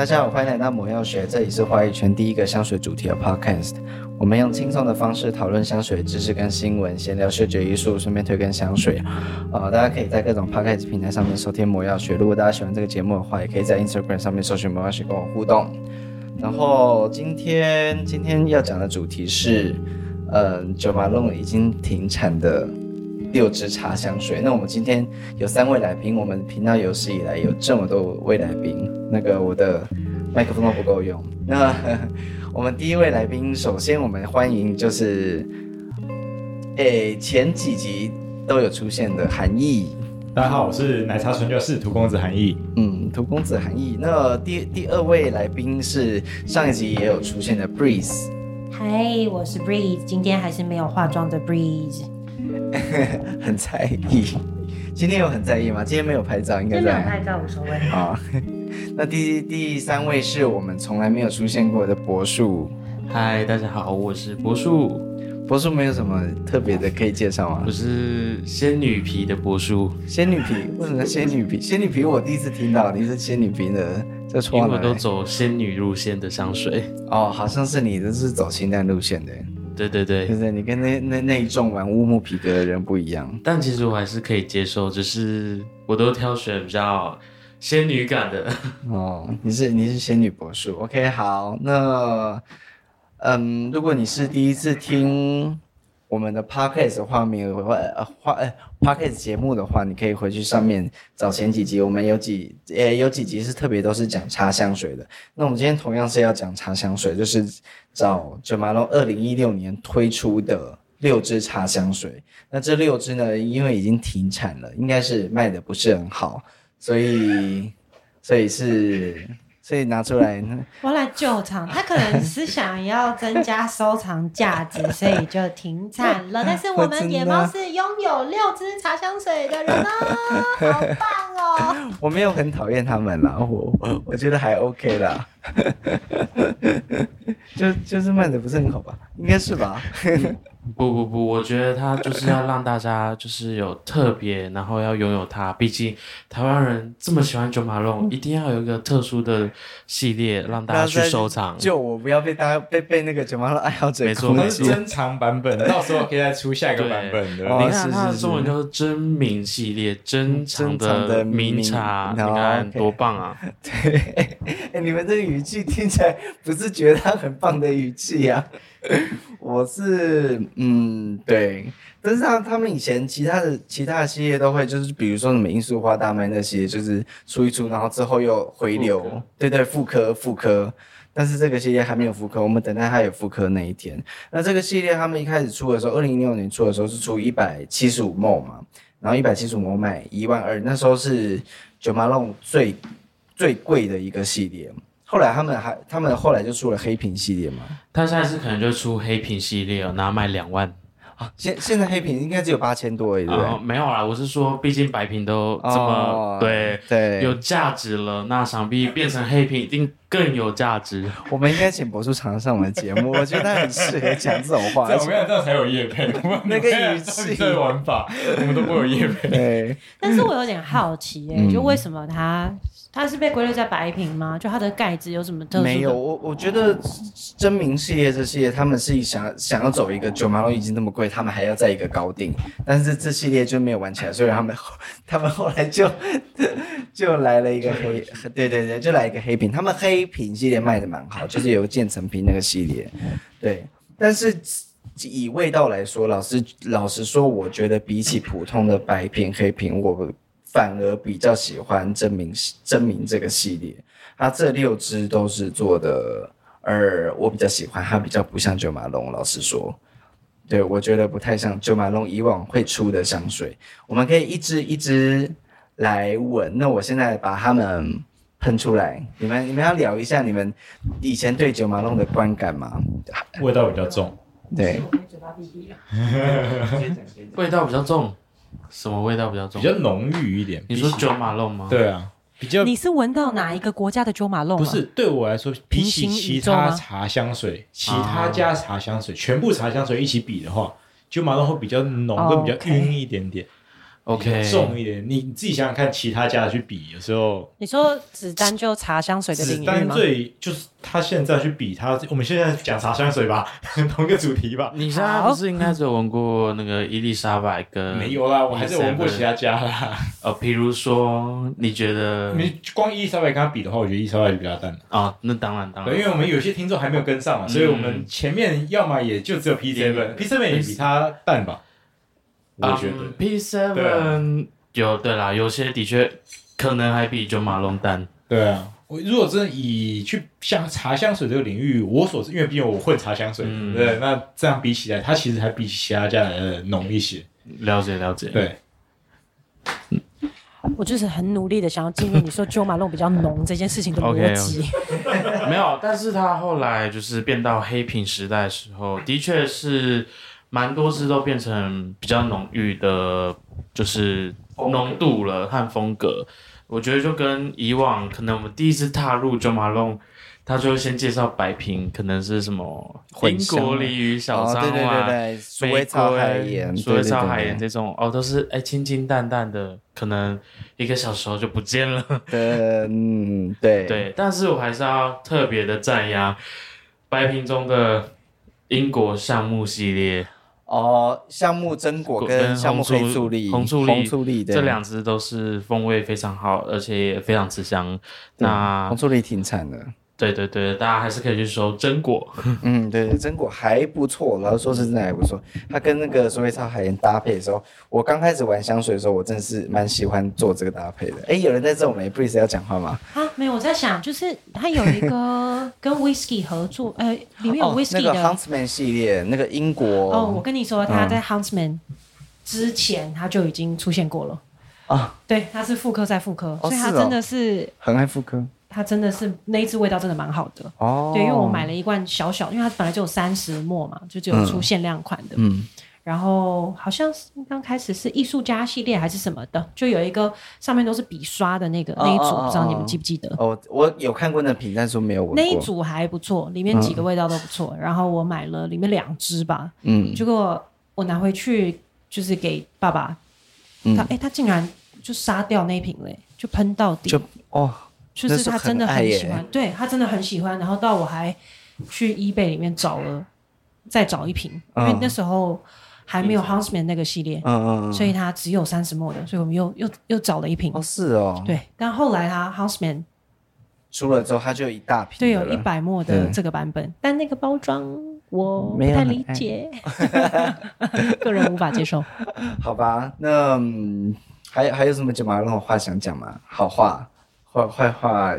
大家好，歡迎來到魔藥學。這裡是華語圈第一個香水主題的 podcast。我們用輕鬆的方式討論香水知識跟新聞，閒聊嗅覺藝術，順便推坑香水。呃，大家可以在各種 podcast 平台上面收聽魔藥學。如果大家喜歡這個節目的話，也可以在 Instagram 上面搜尋魔藥學跟我互動。然後今天今天要講的主題是，嗯、呃，Jo Malone 已經停產的。六支茶香水。那我們今天有三位來賓，我們頻道有史以來有這麼多位來賓，那個我的麥克風都不夠用。那我們第一位來賓，首先我們歡迎就是，誒、欸，前幾集都有出現的韓奕。大家好，我是奶茶純爵士荼公子韓奕。嗯，荼公子韓奕。那第第二位來賓是上一集也有出現的 Breeze。嗨，我是 Breeze，今天還是沒有化妝的 Breeze。 很在意，今天有很在意嗎？今天沒有拍照，應該沒有拍照，無所謂。啊。 那第第三位是我們從來沒有出現過的柏樹。嗨，大家好，我是柏樹。柏樹沒有什麼特別的可以介紹嗎？我是仙女皮的柏樹。仙女皮？為什麼叫仙女皮？仙女皮我第一次聽到，你是仙女皮的，在穿嗎？因為都走仙女路線的香水。 哦，好像是你，這、就是走清淡路線的。對對對，就是你跟那那那一種玩烏木皮革的人不一樣。但其實我還是可以接受，只是我都挑選比較仙女感的。哦，你是你是仙女博士 OK，好，那嗯，如果你是第一次聽我們的 Podcast 的話，歡迎歡迎。Podcast 節目的話，你可以回去上面找前幾集，我們有幾誒、欸、有幾集是特別都是講茶香水的。那我們今天同樣是要講茶香水，就是找 Jo Malone 二零一六年推出的六支茶香水。那這六支呢，因為已經停產了，應該是賣得不是很好，所以所以是。所以拿出來， 我來救場。他可能是想要增加收藏價值， 所以就停產了。但是我們野貓是擁有六支茶香水的人哦，好棒哦！ 我沒有很討厭他們啦，我我覺得還 OK 啦。 就就是賣的不是很好吧？應該是吧。 不不不，我覺得他就是要讓大家就是有特別，然後要擁有他。畢竟台灣人這麼喜歡 Jo Malone，一定要有一個特殊的系列讓大家去收藏。嗯、就我不要被大被被那個 Jo Malone 愛好者。沒錯，我們是珍藏版本、嗯，到時候可以再出下一個版本的、哦。你看，中、哦、文就是珍茗系列，珍珍藏的名茶，你看多棒啊！對，欸欸、你們這個語氣聽起來不是覺得他很。放的語氣啊，我是嗯對，但是他他們以前其他的其他的系列都會就是比如說什麼罌粟花大麥那些就是出一出然後之後又回流，對對復刻復刻，但是這個系列還沒有復刻，我們等待它有復刻那一天。那這個系列他們一開始出的時候，二零一六年出的時候是出一百七十五 ml 嘛，然後一百七十五 ml 賣一萬二，那時候是 Jo Malone 最最貴的一個系列。後來他們還，他們後來就出了黑瓶系列嘛？他下次可能就出黑瓶系列了，拿賣兩萬啊！現現在黑瓶應該只有八千多，而已，呃對對。沒有啦，我是說，畢竟白瓶都這麼，哦，對對有價值了，那想必變成黑瓶一定。更有價值， 我們應該請博主常常上我們節目， 我覺得他很適合講這種話。 我們這樣才有業配 我們，那個語氣、玩法， 我們都不有業配。但是我有點好奇耶、欸，就為什麼他、嗯、他是被歸類在白瓶嗎？就它的蓋子有什麼特殊？沒有，我我覺得珍茗系列這系列，他們是想想、哦、想要走一個 Jo Malone 已經那麼貴，他們還要在一個高定，但是這系列就沒有玩起來，所以他們他們後來就就來了一個黑、黑，對對對，就來一個黑瓶，他們黑。黑瓶系列賣得蠻好，就是有漸層瓶那個系列，對。但是以味道來說，老師老實說，我覺得比起普通的白瓶、黑瓶，我反而比較喜歡珍茗珍茗這個系列。它這六支都是做的，而我比較喜歡，它比較不像 Jo Malone。老實說，對，我覺得不太像 Jo Malone 以往會出的香水。我們可以一支一支來聞。那我現在把它們、嗯。噴出來，你們你們要聊一下你們以前對 Jo Malone 的觀感嗎？味道比較重，對， 味道比較重，什麼味道比較重？比較濃郁一點。你說 Jo Malone 嗎、啊？對啊，比較。你是聞到哪一個國家的 Jo Malone？不是，對我來說，比起其他茶香水，其他家茶、啊、茶香水，全部茶香水一起比的話，Jo Malone 會比較濃，跟比較暈一點點。Okay. OK，重一點，你你自己想想看，其他家的去比有時候。你說子彈就茶香水的紫丹最就是他現在去比他，我們現在講茶香水吧，同一個主題吧。你現在不是應該只有聞過那個伊麗莎白跟、哦？沒有啦，我還是有聞過其他家啦。呃、哦，比如說，你覺得光伊麗莎白跟他比的話，我覺得伊麗莎白就比較淡啊、哦。那當然，當然，因為我們有些聽眾還沒有跟上嘛、嗯，所以我們前面要麼也就只有皮次本，皮次本也比他淡吧。嗯，P7 有對啦，有些的確可能還比 Jo Malone 淡。對啊，我如果真的以去像茶香水這個領域，我所因為畢竟我混茶香水、嗯，對，那這樣比起來，它其實還比其他家的濃一些。了解了解，對。 我就是很努力的想要進入你說 Jo Malone 比較濃 這件事情的邏輯。Okay, okay. 沒有，但是他後來就是變到黑瓶時代的時候，的確是。蠻多支都變成比較濃郁的，就是濃度了和風格。Okay. 我覺得就跟以往可能我們第一次踏入 Jo Malone，他就會先介紹白瓶，可能是什麼英國梨與小蒼蘭、啊、鼠尾草海鹽、鼠尾草海鹽這種哦，都是哎、欸、清清淡淡的，可能一個小時後就不見了。嗯，對對。但是我還是要特別的讚揚白瓶中的英國橡木系列。哦，橡木榛果跟橡木黑醋栗跟紅醋栗，紅醋栗，這兩支都是風味非常好，而且也非常吃香。那紅醋栗挺慘的。對對對，大家還是可以去收榛果。嗯，對對，榛果還不錯，然後說是真的還不錯。他跟那個鼠尾草海鹽搭配的時候，我剛開始玩香水的時候，我真的是蠻喜歡做這個搭配的。哎，有人在這沒？不意思要講話嗎？啊，沒有，我在想，就是他有一個跟 whiskey 合作， 呃，裡面有 whiskey 的、哦那個、Huntsman 系列，那個英國。哦，我跟你說，他在 Huntsman 之前他、嗯、就已經出現過了。哦，對，他是復刻，再復刻。所以他真的是,是、哦、很愛復刻。它真的是那一支味道真的蠻好的哦，oh, 對，因為我買了一罐小小，因為它本來就有 30ml 嘛，就只有出限量款的。嗯，然後好像是剛開始是藝術家系列還是什麼的，就有一個上面都是筆刷的那個、oh, 那一組，oh, oh, oh, 不知道你們記不記得？哦、oh, oh,，oh, oh, oh, oh, oh, oh, 我有看過那瓶，但是我沒有聞過。那一組還不錯，裡面幾個味道都不錯，嗯。然後我買了裡面兩支吧，嗯，結果我拿回去就是給爸爸，嗯、他哎、欸、他竟然就殺掉那一瓶嘞，就噴到底，就哦。Oh, 就是他真的很喜歡，欸、對他真的很喜歡。然後到我還去 eBay 裡面找了、嗯、再找一瓶，因為那時候還沒有 Houseman 那個系列，嗯嗯，所以他只有三十 ml 的，所以我們又又又找了一瓶。哦，是哦。對，但後來他 Houseman、哦、出了之後，他就有一大瓶，對，有一百 ml 的這個版本，但那個包裝我沒太理解， 個人無法接受。好吧，那、嗯、還有還有什麼 Jo Malone 話想講嗎？好話。壞壞話，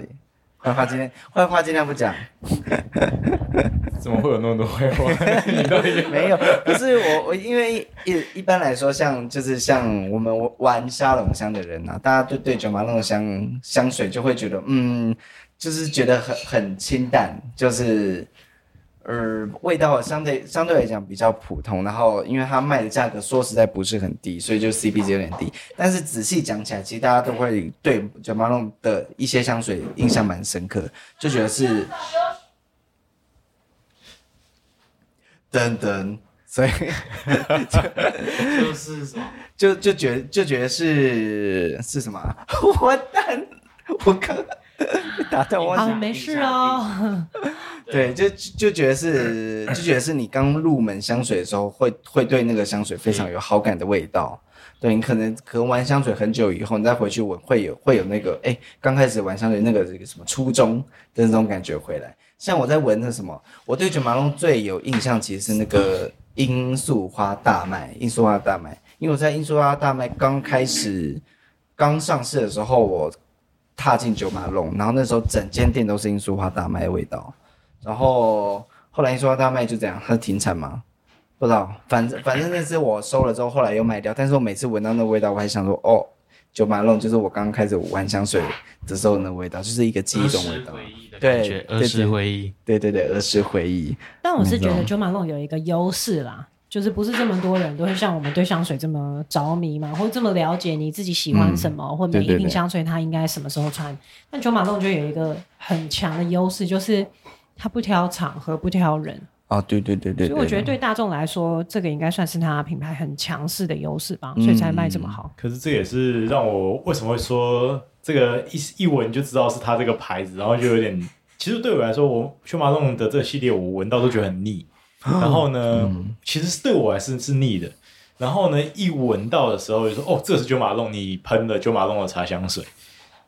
壞話，今天壞話盡量不講。 怎麼會有那麼多壞話？ 沒有，不是我，我因為一一,一般來說像，像就是像我們玩沙龍香的人啊，大家就對 Jo Malone 那種香香水就會覺得，嗯，就是覺得很很清淡，就是。呃，味道相對相對來講比較普通，然後因為它賣的價格說實在不是很低，所以就 CP g 有點低。但是仔細講起來，其實大家都會對 Jo 龍的一些香水印象蠻深刻，就覺得是等等，所以 就，就是什麼，就就覺就覺得是是什麼？我蛋，我剛 打在我沒事哦。對，就就覺得是就覺得是你剛入門香水的時候會，會會對那個香水非常有好感的味道。對，你可能可能玩香水很久以後，你再回去聞會有會有那個哎剛、欸、開始玩香水那個這個什麼初衷的那種感覺回來。像我在聞的什麼，我對 Jo Malone 最有印象其實是那個罌粟花大麥，罌粟花大麥，因為我在罌粟花大麥剛開始剛上市的時候，我踏進 Jo Malone，然後那時候整間店都是罌粟花大麥的味道。然後後來一說要大賣就這樣，它停產嗎？不知道，反正反正那是我收了之後，後來又賣掉。但是我每次聞到那味道，我還想說，哦，Jo Malone 就是我剛開始玩香水的時候那味道，就是一個記憶中味道。對，兒時回憶。對對對，對，對對，兒時回憶。但我是覺得 Jo Malone 有一個優勢啦，就是不是這麼多人都會像我們對香水這麼着迷嘛，或這麼了解你自己喜歡什麼，嗯、或每一瓶香水它應該什麼時候穿。對對對，但 Jo Malone 就有一個很強的優勢，就是。它不挑場合，不挑人啊，對對對，對對對對。所以我覺得對大眾來說，嗯、這個應該算是它品牌很強勢的優勢吧，所以才賣這麼好。嗯、可是這也是讓我為什麼會說這個一一聞就知道是它這個牌子，然後就有點。其實對我來說我， 我 Jo Malone 的這個系列我聞到都覺得很膩。然後呢，啊嗯、其實是對我來說是膩的。然後呢，一聞到的時候就說：“哦，這是 Jo Malone，你噴的 Jo Malone 的茶香水。”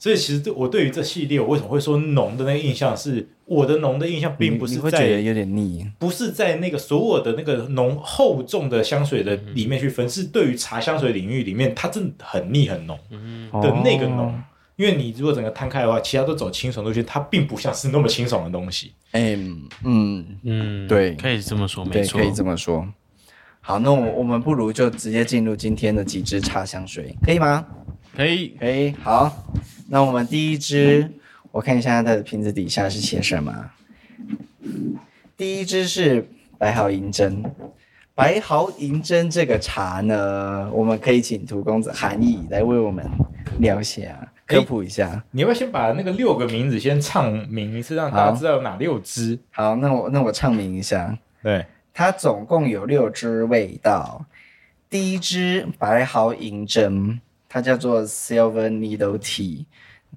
所以其實，對我對於這系列，我為什麼會說濃的那個印象是，我的濃的印象並不是在會覺得有點膩，不是在那個所有的那個濃厚重的香水的裡面去分，嗯嗯是對於茶香水領域裡面，它真的很膩很濃，嗯嗯，的那個濃，哦。因為你如果整個攤開的話，其他都走清爽路線，它並不像是那麼清爽的東西。欸、嗯嗯嗯，對，可以這麼說，沒錯，可以這麼說。好，那我我們不如就直接進入今天的幾支茶香水，可以嗎？可以，可以，好。那我們第一支、嗯，我看一下它的瓶子底下是寫什麼、啊。第一支是白毫銀針，白毫銀針這個茶呢，我們可以請荼公子韓奕來為我們聊一下，欸、科普一下。你要不要先把那個六個名字先唱名一次，讓大家知道哪六支。好，好那我那我唱名一下。對，它總共有六支味道，第一支白毫銀針。它叫做 Silver Needle Tea，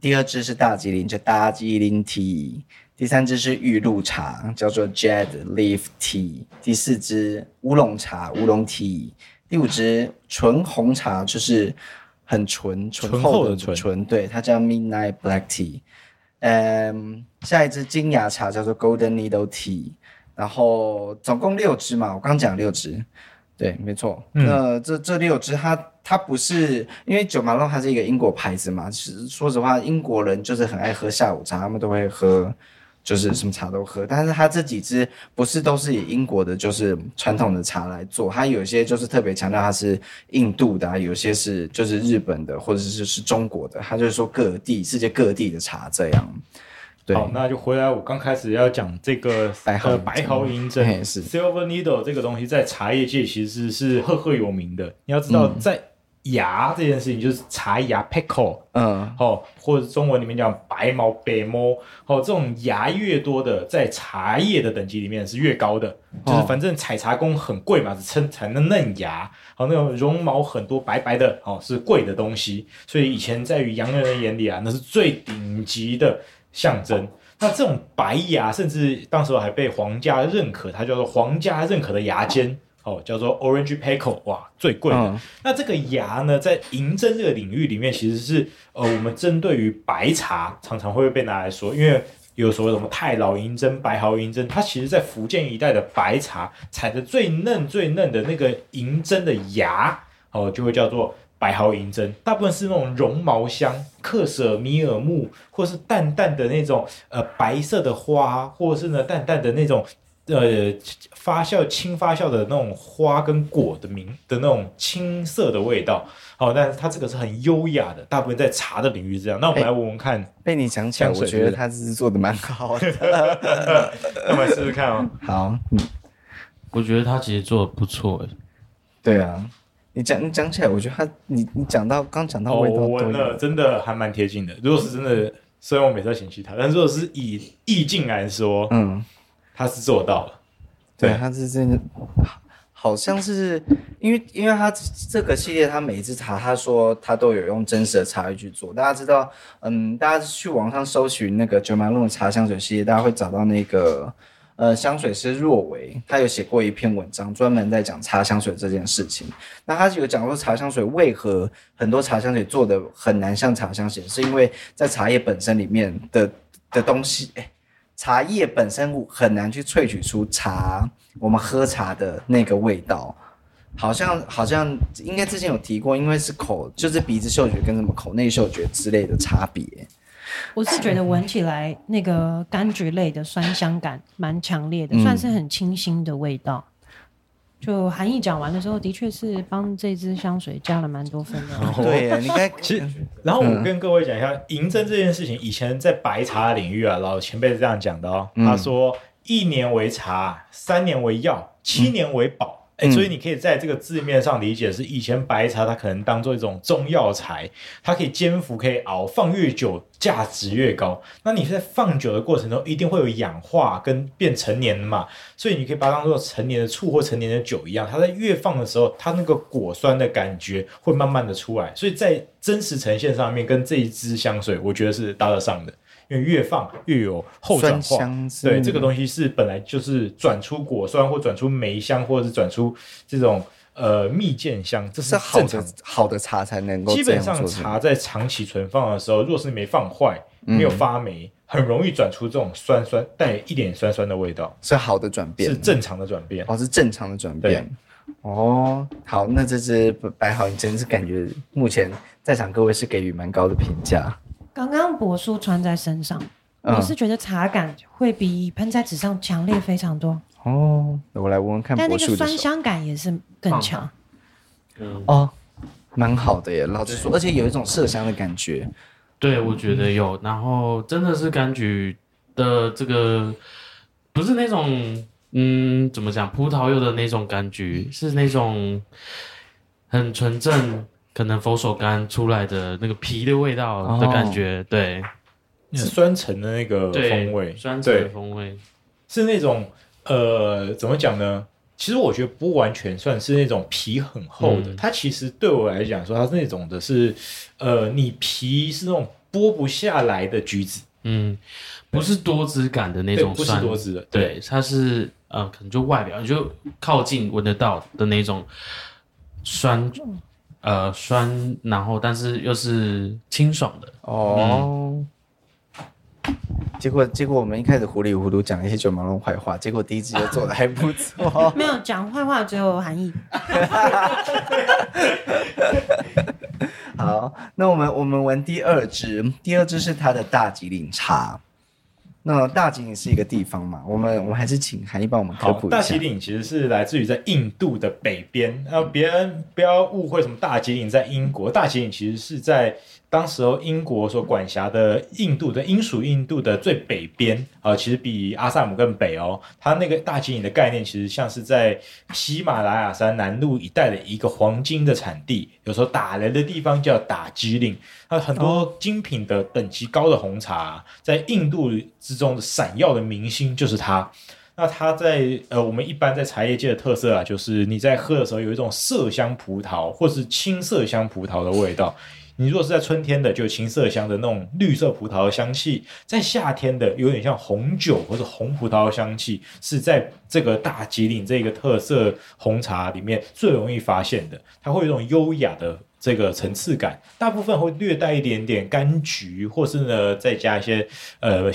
第二支是大吉嶺，叫大吉嶺 Tea，第三支是玉露茶，叫做 Jade Leaf Tea，第四支烏龍茶，烏龍 Tea，第五支醇紅茶，就是很醇醇厚的醇，醇，對，它叫 Midnight Black Tea，嗯，um, 下一支金芽茶叫做 Golden Needle Tea，然後總共六支嘛，我剛，剛講六支，對，沒錯，嗯、那這這六支它。它不是因為 Jo Malone 它是一個英國牌子嘛。其實說實話，英國人就是很愛喝下午茶，他們都會喝，就是什麼茶都喝。但是它這幾支不是都是以英國的，就是傳統的茶來做。它有些就是特別強調它是印度的、啊，有些是就是日本的，或者是就是中國的。它就是說各地世界各地的茶這樣。對。好，那就回來我剛開始要講這個、呃、白毫白毫銀針是 Silver Needle 這個東西在茶葉界其實是赫赫有名的。 你要知道在、嗯芽這件事情，就是茶芽 pekoe 嗯，好，或者中文裡面叫白毛白毛，好，這種芽越多的，在茶葉的等級裡面是越高的。哦、就是反正採茶工很貴嘛，是稱採那嫩芽，好那種絨毛很多白白的，哦，是貴的東西，所以以前在於洋人的眼裡啊，那是最頂級的象徵。那這種白芽，甚至當時還被皇家認可，它叫做皇家認可的芽尖。哦，叫做 Orange Pekoe，哇，最貴的。嗯、那這個芽呢，在銀針這個領域裡面，其實是呃，我們針對於白茶常常會被拿來說，因為有所謂什麼太老銀針、白毫銀針，它其實在福建一帶的白茶採的最嫩、最嫩的那個銀針的芽，哦、呃，就會叫做白毫銀針。大部分是那種絨毛香、克舍米爾木，或是淡淡的那種呃白色的花，或是呢淡淡的那種。呃，發酵青發酵的那種花跟果的名的那種青澀的味道，好、哦，但是它這個是很優雅的，大部分在茶的領域這樣。那我們來聞聞看、欸。被你講起來，我覺得它其實做的蠻好的。我們試試看哦。好，我覺得它其實做的不錯。對啊，你講你講起來，我覺得它，你你講到剛講到味道、哦我，真的真的還蠻貼近的。如果是真的，雖然我每次嫌棄它，但如果是以意境來說，嗯。他是做到了，對，對他是真的，好像是因為，因為他這個系列，他每一支茶，他說他都有用真實的茶葉去做。大家知道，嗯，大家去網上搜尋那個 Jo Malone 的茶香水系列，大家會找到那個呃香水師若為，他有寫過一篇文章，專門在講茶香水這件事情。那他就有講說，茶香水為何很多茶香水做的很難像茶香水，是因為在茶葉本身裡面的的東西，哎茶葉本身很難去萃取出茶，我們喝茶的那個味道，好像好像應該之前有提過，因為是口，就是鼻子嗅覺跟什麼口內嗅覺之類的差別。我是覺得聞起來那個柑橘類的酸香感蠻強烈的，嗯，算是很清新的味道。就韓奕講完的時候，的確是幫這支香水加了蠻多分的。對、哦，應 該其實。然後我跟各位講一下，銀針這件事情，以前在白茶領域啊，老前輩是這樣講的哦。他說：“一年為茶，三年為藥，七年為寶。”嗯哎、欸，所以你可以在這個字面上理解是，以前白茶它可能當做一種中藥材，它可以煎服，可以熬，放越久價值越高。那你在放久的過程中，一定會有氧化跟變陳年的嘛，所以你可以把它當做陳年的醋或陳年的酒一樣，它在越放的時候，它那個果酸的感覺會慢慢的出來，所以在真實呈現上面，跟這一支香水，我覺得是搭得上的。因為越放越有後轉化，對，這個東西是本來就是轉出果酸或轉出梅香，或者是轉出這種呃蜜餞香，這是正常的是好的，好的茶才能夠。基本上茶在長期存放的時候，若是沒放壞，沒有發霉，嗯，很容易轉出這種酸酸帶一點酸酸的味道，是好的轉變，是正常的轉變，哦，是正常的轉變。哦，好，那這支白毫銀針，你真的是感覺目前在場各位是給予蠻高的評價。剛剛柏樹穿在身上、嗯，我是覺得茶感會比噴在紙上強烈非常多。哦，我來聞聞看。但那個酸香感也是更強。嗯，哦，蠻好的耶，嗯，老實說，而且有一種麝香的感覺。對，我覺得有。然後真的是柑橘的這個，不是那種嗯，怎麼講，葡萄柚的那種柑橘，是那種很純正。可能佛手柑出來的那個皮的味道的感覺，Oh, 對，是酸橙的那個風味，酸橙的風味是那種呃，怎麼講呢？其實我覺得不完全算是那種皮很厚的，嗯，它其實對我來講說它是那種的是呃，你皮是那種剝不下來的橘子，嗯，不是多汁感的那種酸，不是多汁的對，對，它是呃，可能就外表你就靠近聞得到的那種酸。呃，酸，然後但是又是清爽的哦，oh. 嗯。結果，結果我們一開始糊裡糊塗講一些卷毛龍壞話，結果第一支就做得還不錯。沒有講壞話，只有含義。好，那我們我們聞第二支，第二支是它的大吉嶺茶。那大吉嶺是一個地方嘛？嗯、我們我們還是請韓奕幫我們科普一下。大吉嶺其實是來自於在印度的北邊，呃，別人不要誤會，什麼大吉嶺在英國，大吉嶺其實是在。當時候，英國所管轄的印度的英屬印度的最北邊，啊、呃，其實比阿薩姆更北哦。它那個大吉嶺的概念，其實像是在喜馬拉雅山南麓一帶的一個黃金的產地。有時候打雷的地方叫大吉嶺，那很多精品的等級高的紅茶，啊，在印度之中的閃耀的明星就是它。那它在呃，我們一般在茶葉界的特色啊，就是你在喝的時候有一種麝香葡萄或是青麝香葡萄的味道。你若是在春天的，就有青色香的那種綠色葡萄的香氣；在夏天的，有點像紅酒或者紅葡萄的香氣，是在這個大吉嶺這個特色紅茶裡面最容易發現的。它會有一種優雅的這個層次感，大部分會略帶一點點柑橘，或是呢再加一些呃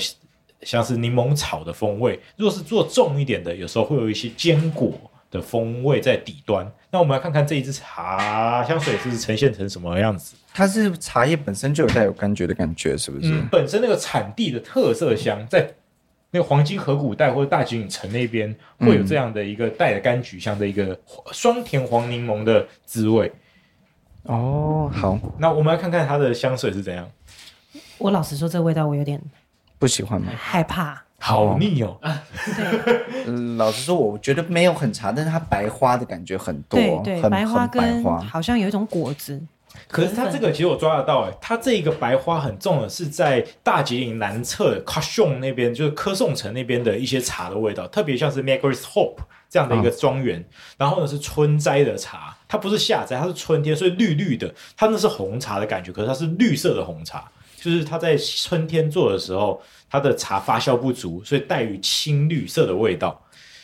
像是檸檬草的風味。若是做重一點的，有時候會有一些堅果的風味在底端。那我們來看看這一支茶香水是不是呈現成什麼樣子？它是茶葉本身就有帶有柑橘的感覺，是不是？嗯。本身那個產地的特色香，在那個黃金河谷帶或者大吉嶺那邊會有這樣的一個帶的柑橘香的一個雙甜黃檸檬的滋味。哦，好。那我們來看看它的香水是怎樣。我老實說，這個味道我有點不喜歡，害怕。好膩哦，哦、 呃！老實說，我覺得沒有很茶，但是它白花的感覺很多。對，對很白花跟很白花好像有一種果子。可是它這個其實我抓得到、欸、它這一個白花很重的是在大吉嶺南側的科宋那邊，就是科宋城那邊的一些茶的味道，特別像是 Margaret's Hope 這樣的一個莊園，哦。然後呢是春摘的茶，它不是夏摘，它是春天，所以綠綠的。它那是紅茶的感覺，可是它是綠色的紅茶。就是他在春天做的時候，它的茶發酵不足，所以帶有青綠色的味道。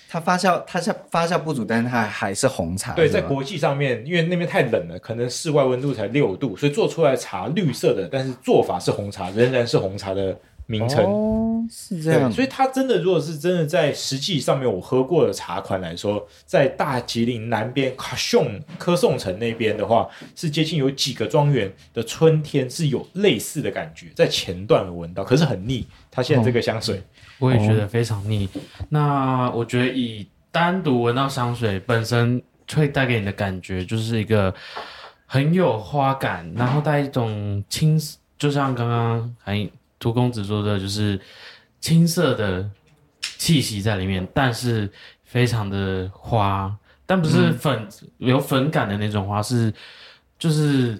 它發酵，它像發酵不足，但是它還是紅茶。對，對在國際上面，因為那邊太冷了，可能室外溫度才六度，所以做出來茶綠色的，但是做法是紅茶，仍然是紅茶的。名稱、哦、是這樣、嗯，所以它真的，如果是真的在實際上面，我喝過的茶款來說，在大吉嶺南邊科宋科宋城那邊的話，是接近有幾個莊園的春天是有類似的感覺，在前段聞到，可是很膩。它現在這個香水、哦，我也覺得非常膩、哦。那我覺得以單獨聞到香水本身，會帶給你的感覺，就是一個很有花感，然後帶一種青、嗯，就像剛剛韓。荼公子說的就是青色的氣息在裡面，但是非常的花，但不是粉，嗯、有粉感的那種花，是就是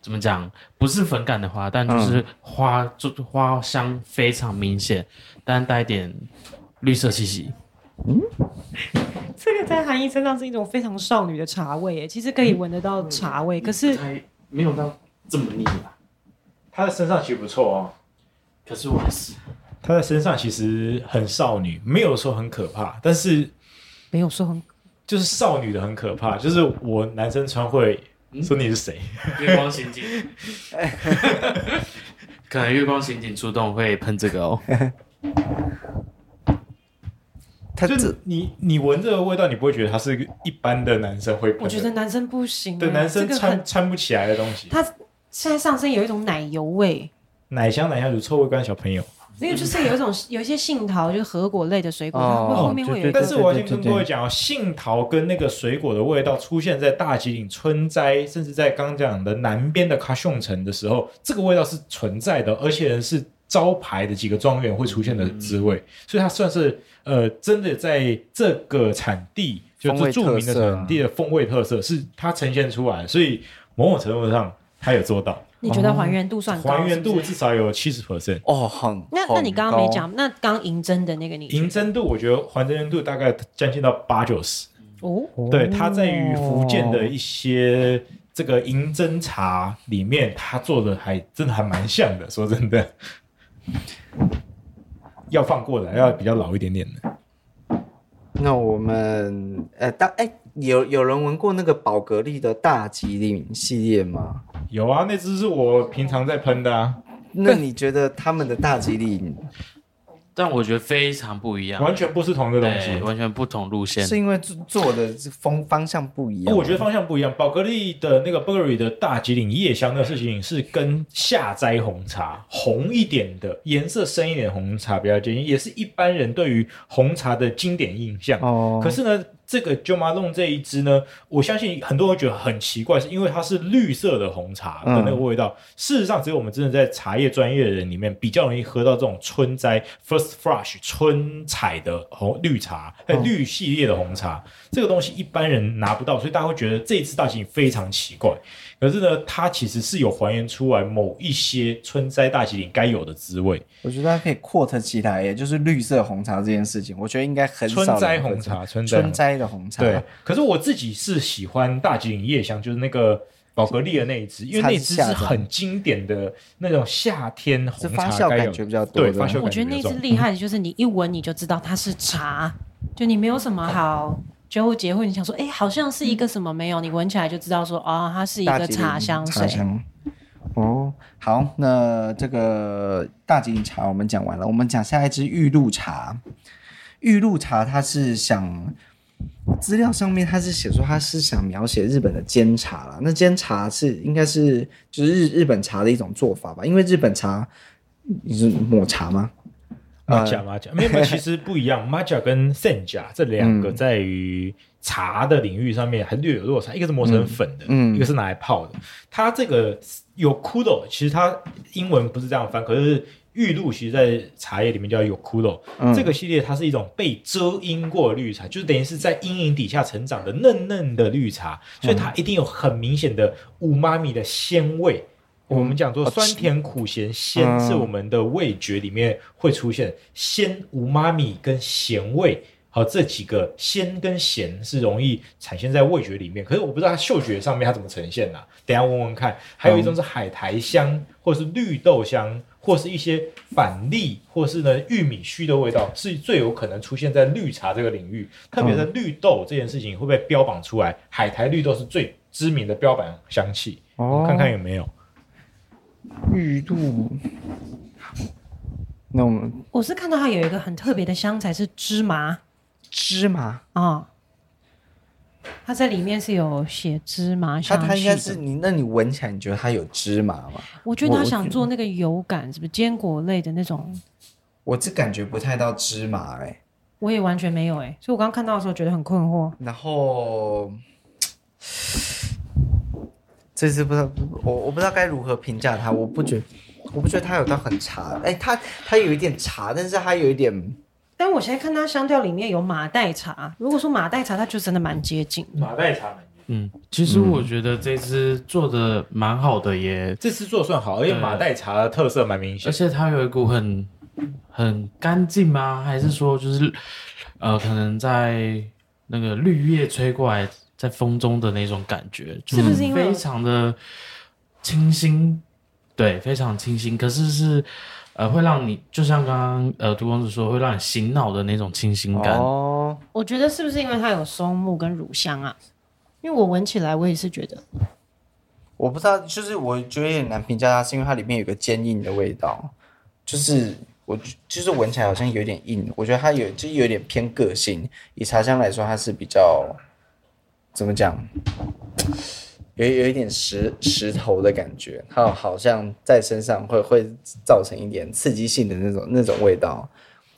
怎麼講，不是粉感的花，但就是花，嗯、就花香非常明顯，但帶點綠色氣息。嗯， 這個在韓奕身上是一種非常少女的茶味誒，其實可以聞得到茶味，嗯、可是才沒有到這麼膩吧，啊？他的身上其實不錯哦。可是我是他在身上其實很少女，沒有說很可怕，但是沒有說很就是少女的很可怕，嗯，就是我男生穿會說你是誰？嗯、 月光刑警， 可能月光刑警出動會噴這個哦。他 就你你聞這個味道，你不會覺得他是一個一般的男生會噴？我覺得男生不行，啊，對男生穿，這個、穿不起來的東西。他現在上身有一種奶油味。奶香奶香乳臭未乾小朋友，那個就是有一種 有一些杏桃，就是核果類的水果，會、嗯、後面會有，嗯。但是，我要先跟各位講、喔，杏桃跟那個水果的味道出現在大吉嶺春摘，甚至在剛講的南邊的卡什城的時候，這個味道是存在的，而且是招牌的幾個莊園會出現的滋味。嗯、所以，它算是呃，真的在這個產地就是著名的產地的風味特色，特色啊、是它呈現出來的。所以，某種程度上，它有做到。 你覺得還原度算高是是？還原度至少有七十 percent 哦，哼，那那你剛剛沒講，那剛銀針的那個你？銀針度我覺得還原度大概將近到八九十哦，對，它在於福建的一些這個銀針茶裡面，它做的還真的還蠻像的，說真的。 要放過來，要比較老一點點的。那我們呃，當、欸、哎、欸，有有人聞過那個寶格麗的大吉嶺系列嗎？有啊，那只是我平常在噴的啊。那你覺得他們的大吉嶺？但我覺得非常不一樣，完全不是同一個的東西，完全不同路線。是因為做做的風方向不一樣啊。我覺得方向不一樣。寶格麗的那個 Burberry 的大吉嶺夜香的事情是跟夏摘紅茶，紅一點的顏色深一點的紅茶比較接近，也是一般人對於紅茶的經典印象。哦，可是呢。這個 Jo Malone 這一支呢，我相信很多人會覺得很奇怪，是因為它是綠色的紅茶，那個味道。嗯、事實上，只有我們真的在茶葉專業的人裡面比較容易喝到這種春摘、first flush 春彩的紅綠茶、綠系列的紅茶、嗯，這個東西一般人拿不到，所以大家會覺得這一支大吉非常奇怪，可是呢，它其實是有還原出來某一些春摘大吉嶺該有的滋味。我覺得他可以擴大其他，也就是綠色紅茶這件事情。我覺得應該很少。春摘紅茶，春摘的紅茶。對，可是我自己是喜歡大吉嶺葉香，就是那個寶格麗的那一支，因為那一支是很經典的那種夏天紅茶，發酵感覺比較多。對，發酵感覺比較多。我覺得那支厲害的就是你一聞你就知道它是茶。嗯，就你沒有什麼好。嗯覺悟結婚，你想說，哎、欸，好像是一個什麼沒有、嗯？你聞起來就知道說，哦，它是一個茶香水。哦，oh, 好，那這個大吉嶺茶我們講完了，我們講下一支玉露茶。玉露茶，它是想資料上面它是寫說，它是想描寫日本的煎茶了。那煎茶是應該是就是日日本茶的一種做法吧？因為日本茶，你是，是抹茶嗎？馬甲馬甲，沒、嗯、有其實不一樣。馬 甲、嗯、跟散甲這兩個，在於茶的領域上面還略有落差。一個是磨成粉的、嗯嗯，一個是拿來泡的。它這個有枯豆，其實它英文不是這樣翻。可是玉露，其實在茶葉裡面叫有枯豆。這個系列它是一種被遮陰過的綠茶，就是等於是在陰影底下成長的嫩嫩的綠茶，所以它一定有很明顯的五媽咪的鮮味。我們講說，酸甜苦鹹鮮是我們的味覺裡面會出現鮮無媽米跟鹹味，好，這幾個鮮跟鹹是容易產現在味覺裡面，可是我不知道它嗅覺上面它怎麼呈現呢、啊？等一下問問看。還有一種是海苔香，或是綠豆香，或是一些板栗，或是呢玉米鬚的味道，是最有可能出現在綠茶這個領域。特別是綠豆這件事情會不會標榜出來？海苔綠豆是最知名的標榜香氣，看看有沒有。玉露，那我們我是看到它有一個很特別的香材是芝麻，芝麻啊，它、哦、在裡面是有寫芝麻香，香。它應該是你那你聞起來你覺得它有芝麻嗎？我覺得它想做那個油感，是不是堅果類的那種？我這感覺不太到芝麻哎、欸，我也完全沒有哎、欸，所以我剛看到的時候覺得很困惑。然後。這支不知道，我我不知道該如何評價它。我不覺，我不覺得它有到很差。欸，它它有一點差，但是它有一點。但我現在看它香調裡面有馬黛茶，如果說馬黛茶，它就真的蠻接近。馬黛茶。嗯，其實我覺得這支做的蠻好的耶，嗯，這次做算好，因為馬黛茶的特色蠻明顯。而且它有一股很很乾淨嗎？還是說就是呃，可能在那個綠葉吹過來。在風中的那種感覺，是不是就是非常的清新，對，非常清新。可是是，呃，會讓你就像剛剛呃，荼公子說，會讓你醒腦的那種清新感。哦、oh.，我覺得是不是因為它有松木跟乳香啊？因為我聞起來，我也是覺得，我不知道，就是我覺得有點難評價它，是因為它裡面有一個堅硬的味道，就是我就是聞起來好像有點硬。我覺得它有，就是有點偏個性。以茶香來說，它是比較。怎麼講？有有一點石石頭的感覺，好，好像在身上會會造成一點刺激性的那種那種味道。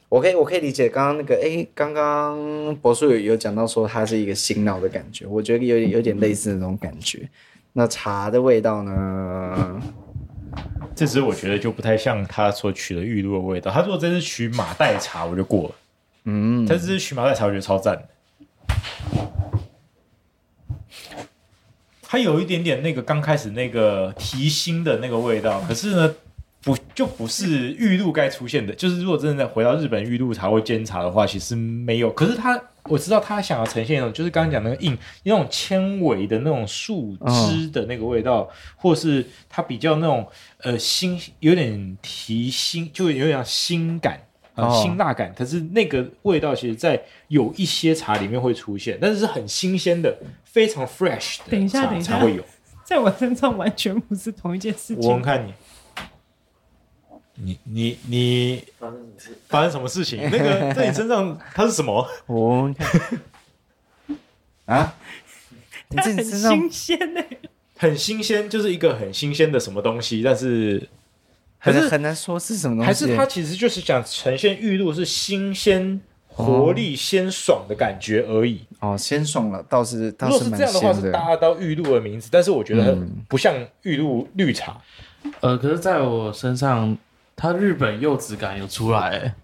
我可以我可以理解剛剛那個，哎、欸，剛剛柏樹有有講到說它是一個辛辣的感覺，我覺得有有點類似的那種感覺。那茶的味道呢？這支我覺得就不太像他所取的玉露的味道。他如果真是取馬代茶，我就過了。嗯，這是取馬代茶，我覺得超讚它有一點點那個剛開始那個提腥的那個味道，可是呢，不就不是玉露該出現的。就是如果真的回到日本玉露茶或煎茶的話，其實沒有。可是它我知道它想要呈現一種就是剛剛講那個硬那種纖維的那種樹枝的那個味道，哦，或是它比較那種呃腥，有點提腥，就有點腥感。辛辣感，可、哦、是那個味道，其實在有一些茶裡面會出現，但是是很新鮮的，非常 fresh 的茶等一下等一下才會有。在我身上完全不是同一件事情。我看你，你你你發生什麼事情？ 那個在你身上，它是什麼？我看 啊它很新鮮、欸，很新鮮呢，很新鮮，就是一個很新鮮的什麼東西，但是。可是很難說是什麼東西，還是它其實就是想呈現玉露是新鮮、活力、鮮爽的感覺而已。哦，鮮爽了倒是，如、嗯、果是，是這樣的話，是家大到大大玉露的名字，但是我覺得不像玉露綠茶、嗯。呃，可是在我身上，它日本柚子感有出來、欸。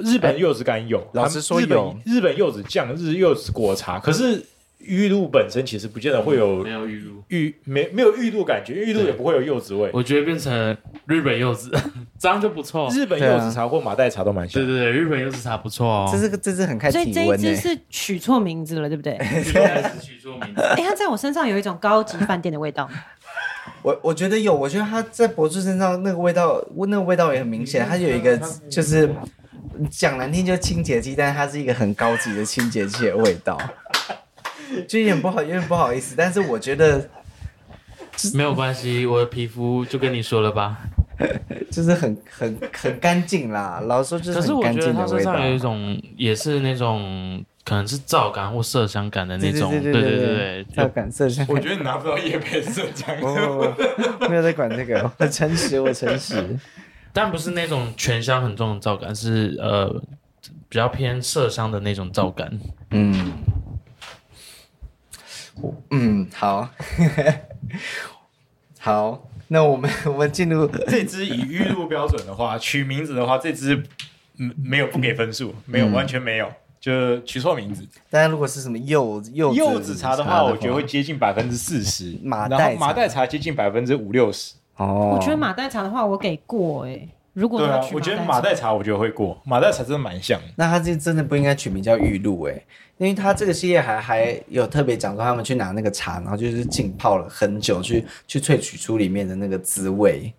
日本柚子感有，欸、老實說有。日本，日本柚子醬、日柚子果茶，可是玉露本身其實不見得會有、嗯、沒有玉露玉沒沒有玉露感覺，玉露也不會有柚子味。我覺得變成。日本柚子，這樣就不錯。 日本柚子茶或馬黛茶都蠻香。對對對，日本柚子茶不錯哦。這是個，這是很開心。所以這一支是取錯名字了，對不對？對。哎，它在我身上有一種高級飯店的味道。我我覺得有，我覺得它在柏樹身上那個味道，那個味道也很明顯。它有一個就是講難聽就是清潔劑，但是它是一個很高級的清潔劑的味道。就有點不好，有點不好意思。但是我覺得沒有關係，我的皮膚就跟你說了吧。 就是很很很乾淨啦，老實說就是感覺它身上有一種 也是那種，可能是皂感或麝香感的那種。對對對對，皂感麝香感。 我覺得你拿不到業配、麝香。 沒有在管這、那個， 我誠實，我誠實。但不是那種全香很重的皂感，是呃比較偏麝香的那種皂感。嗯嗯，好， 好。那我們我們進入這支以玉露標準的話， 取名字的話，這支沒有不給分數，沒有、嗯、完全沒有，就取錯名字。但如果是什麼柚柚子柚子茶的話，我覺得會接近百分之四十，馬代茶接近百分之五六十。哦，我覺得馬代茶的話，我給過哎、欸。如果要取對、啊、我覺得馬代茶，我覺得會過。馬代茶真的蠻像的、哦。那它就真的不應該取名叫玉露哎、欸。因為他這個系列還還有特別講過，他們去拿那個茶，然後就是浸泡了很久去，去去萃取出裡面的那個滋味，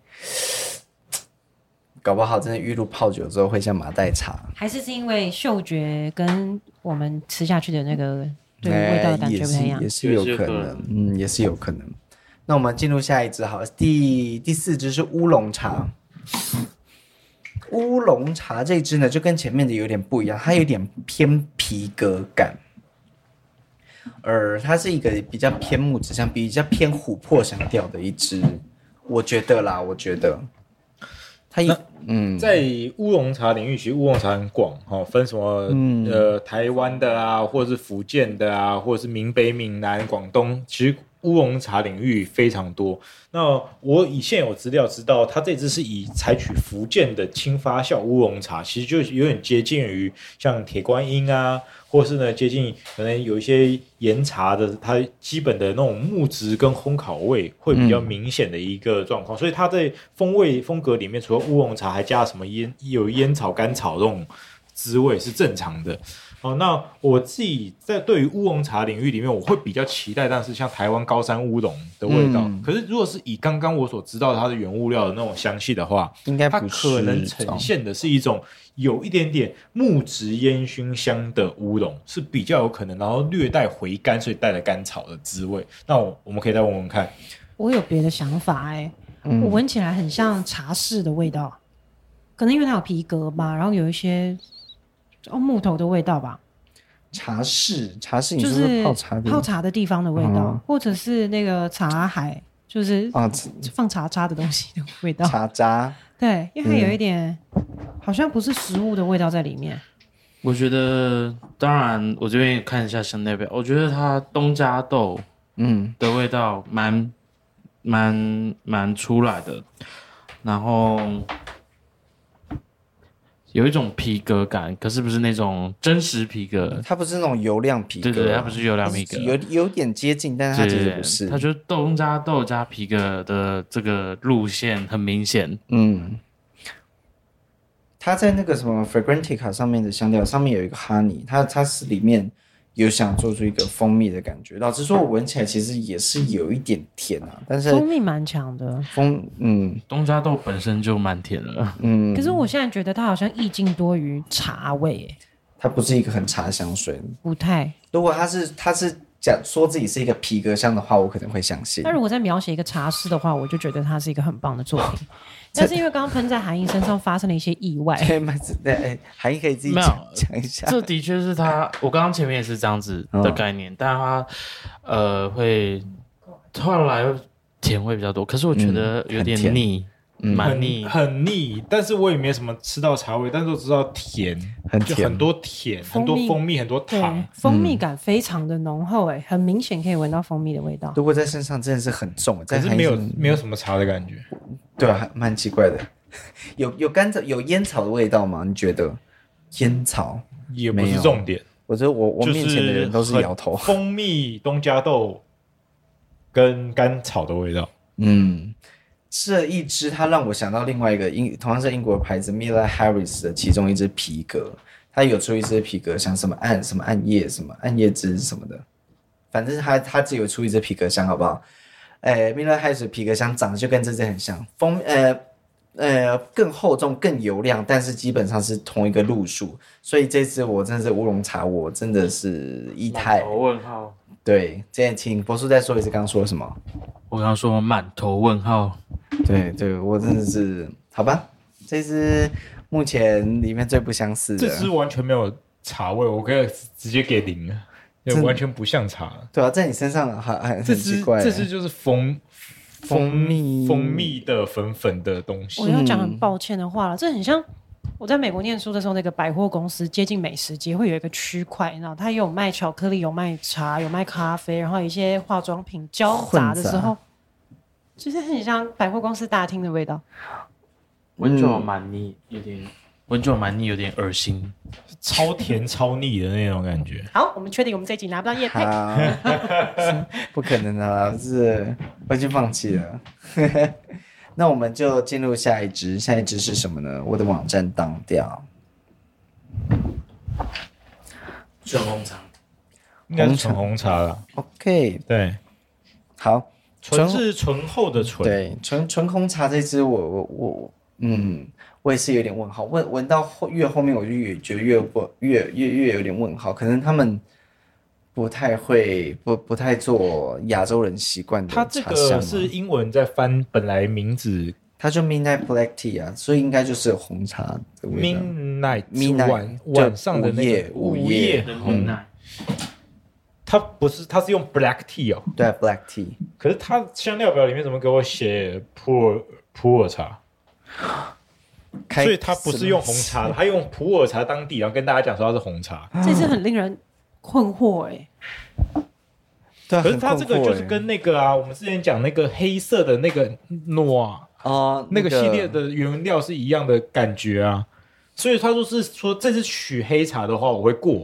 搞不好真的玉露泡久之後會像馬黛茶，還是是因為嗅覺跟我們吃下去的那個對味道的感覺不一樣，哎、也也，也是有可能，嗯，也是有可能。那我們進入下一支好了，第第四支是烏龍茶。 烏龍茶這支呢，就跟前面的有點不一樣，它有點偏皮革感，而它是一個比較偏木質香，比比較偏琥珀香調的一支，我覺得啦，我覺得它有嗯，在烏龍茶領域，其實烏龍茶很廣哦，分什麼、嗯、呃台灣的啊，或者是福建的啊，或者是閩北、閩南、廣東，其實。烏龍茶領域非常多。那我以現有資料知道，它這支是以採取福建的輕發酵烏龍茶，其實就有點接近於像鐵觀音啊，或是呢接近可能有一些岩茶的，它基本的那種木質跟烘烤味會比較明顯的一個狀況，嗯。所以它在風味風格裡面，除了烏龍茶，還加了什麼煙有煙草、甘草這種滋味是正常的。哦，那我自己在對於烏龍茶領域裡面，我會比較期待，但是像台灣高山烏龍的味道、嗯。可是如果是以剛剛我所知道的它的原物料的那種香氣的話，應該不可能呈現的是一種有一點點木質煙燻香的烏龍，是比較有可能，然後略帶回甘，所以帶了甘草的滋味。那我們可以再聞聞看。我有別的想法哎、欸嗯，我聞起來很像茶室的味道，可能因為它有皮革嘛，然後有一些。哦，木頭的味道吧。茶室，茶室就是，是泡茶，就是，泡茶的地方的味道，啊，或者是那個茶海，就是放茶渣的東西的味道。茶渣，對，因為它有一點，好像不是食物的味道在裡面。嗯，我覺得，當然，我這邊也看一下香奈表，我覺得它東加豆，嗯，的味道蠻蠻蠻，蠻出來的，然後。有一種皮革感，可是不是那種真實皮革，嗯、它不是那種油亮皮革，啊對對對，它不是油亮皮革，It's, 有有點接近，但是它其實不是，它就是東加豆，東加豆皮革的這個路線很明顯，嗯，它在那個什麼 Fragrantica 上面的香料上面有一個 honey，它它是裡面。有想做出一個蜂蜜的感覺，老實說，我聞起來其實也是有一點甜啊，但是蜂蜜蠻強的。蜂，嗯，東加豆本身就蠻甜的了，嗯。可是我現在覺得它好像意境多於茶味，它不是一個很茶香水，嗯、不太。如果它是它是講說自己是一個皮革香的話，我可能會相信。但如果在描寫一個茶室的話，我就覺得它是一個很棒的作品。 那是因為剛剛噴在韓奕身上發生了一些意外 對。對，蠻對，韓奕可以自己講講一下。這的確是他，我剛剛前面也是這樣子的概念，哦、但他，呃，會，後來甜味比較多，可是我覺得有點膩。嗯嗯、很膩，很膩，但是我也沒有什麼吃到茶味，但是我知道甜，很甜，就很多甜，很多蜂蜜，很多糖，蜂蜜感非常的濃厚，哎，很明顯可以聞到蜂蜜的味道。如、嗯、果在身上真的是很重，但是沒有，有沒有什麼茶的感覺，嗯、對、啊，蠻奇怪的。 有有甘草，有煙草的味道嗎？你覺得？煙草也不是重點。我覺得我我面前的人都是搖頭。就是、蜂蜜、東加豆跟甘草的味道，嗯。這一支它讓我想到另外一個英，同樣是英國牌子 Miller Harris 的其中一支皮革，它有出一支皮革香什麼暗什麼暗夜什麼暗夜之什麼的，反正它它只有出一支皮革香好不好？欸，Miller Harris 的皮革香長得就跟這支很像，風呃呃更厚重更油亮，但是基本上是同一個路數，所以這支我真的是烏龍茶，我真的是一塌。滿頭問號。對，這樣請柏樹再說一次剛剛說什麼？我剛剛說滿頭問號。對對，我真的是，好吧。這支目前裡面最不相似的，這支完全沒有茶味，我可以直接給零，完全不像茶。對啊，在你身上很很很奇怪。這支，這支就是蜂蜂蜜蜂蜜的粉粉的東西。我要講很抱歉的話了，這很像我在美國念書的時候，那個百貨公司接近美食街會有一個區塊，你知道，它有賣巧克力，有賣茶，有賣咖啡，然後一些化妝品交雜的時候。就是很像百貨公司大廳的味道。溫酒滿膩，有點溫酒滿膩，有點噁心，超甜 超膩的那種感覺。好，我們確定我們這一集拿不到業配， 不可能啊，是我就放棄了。 那我們就進入下一支，下一支是什麼呢？我的網站當掉。醇紅茶？紅茶應該是醇紅茶了。OK。對。好。純是醇厚的醇，對，純純紅茶這支我，我我我，嗯，我也是有點問號，問聞到後越後面我就越覺得越不越越越，越有點問號，可能他們不太會不不太做亞洲人習慣的茶、啊。它這個是英文在翻本來名字，他就 Midnight Black Tea 啊，所以應該就是紅茶的味道。m i d n m i d n i g h t 晚，晚上的夜、那個，午夜的，的、嗯。夜 m 他不是，他是用 black tea 哦，對、啊、black tea。可是他香料表裡面怎麼給我寫普洱普洱茶？所以，他不是用紅茶，他用普洱茶當地，然後跟大家講說他是紅茶。這次很令人困惑哎。對，可是他這個就是跟那個啊、嗯，我們之前講那個黑色的那個 noir 啊，那個系列的原料是一樣的感覺啊。所以，他就是說，這次取黑茶的話，我會過。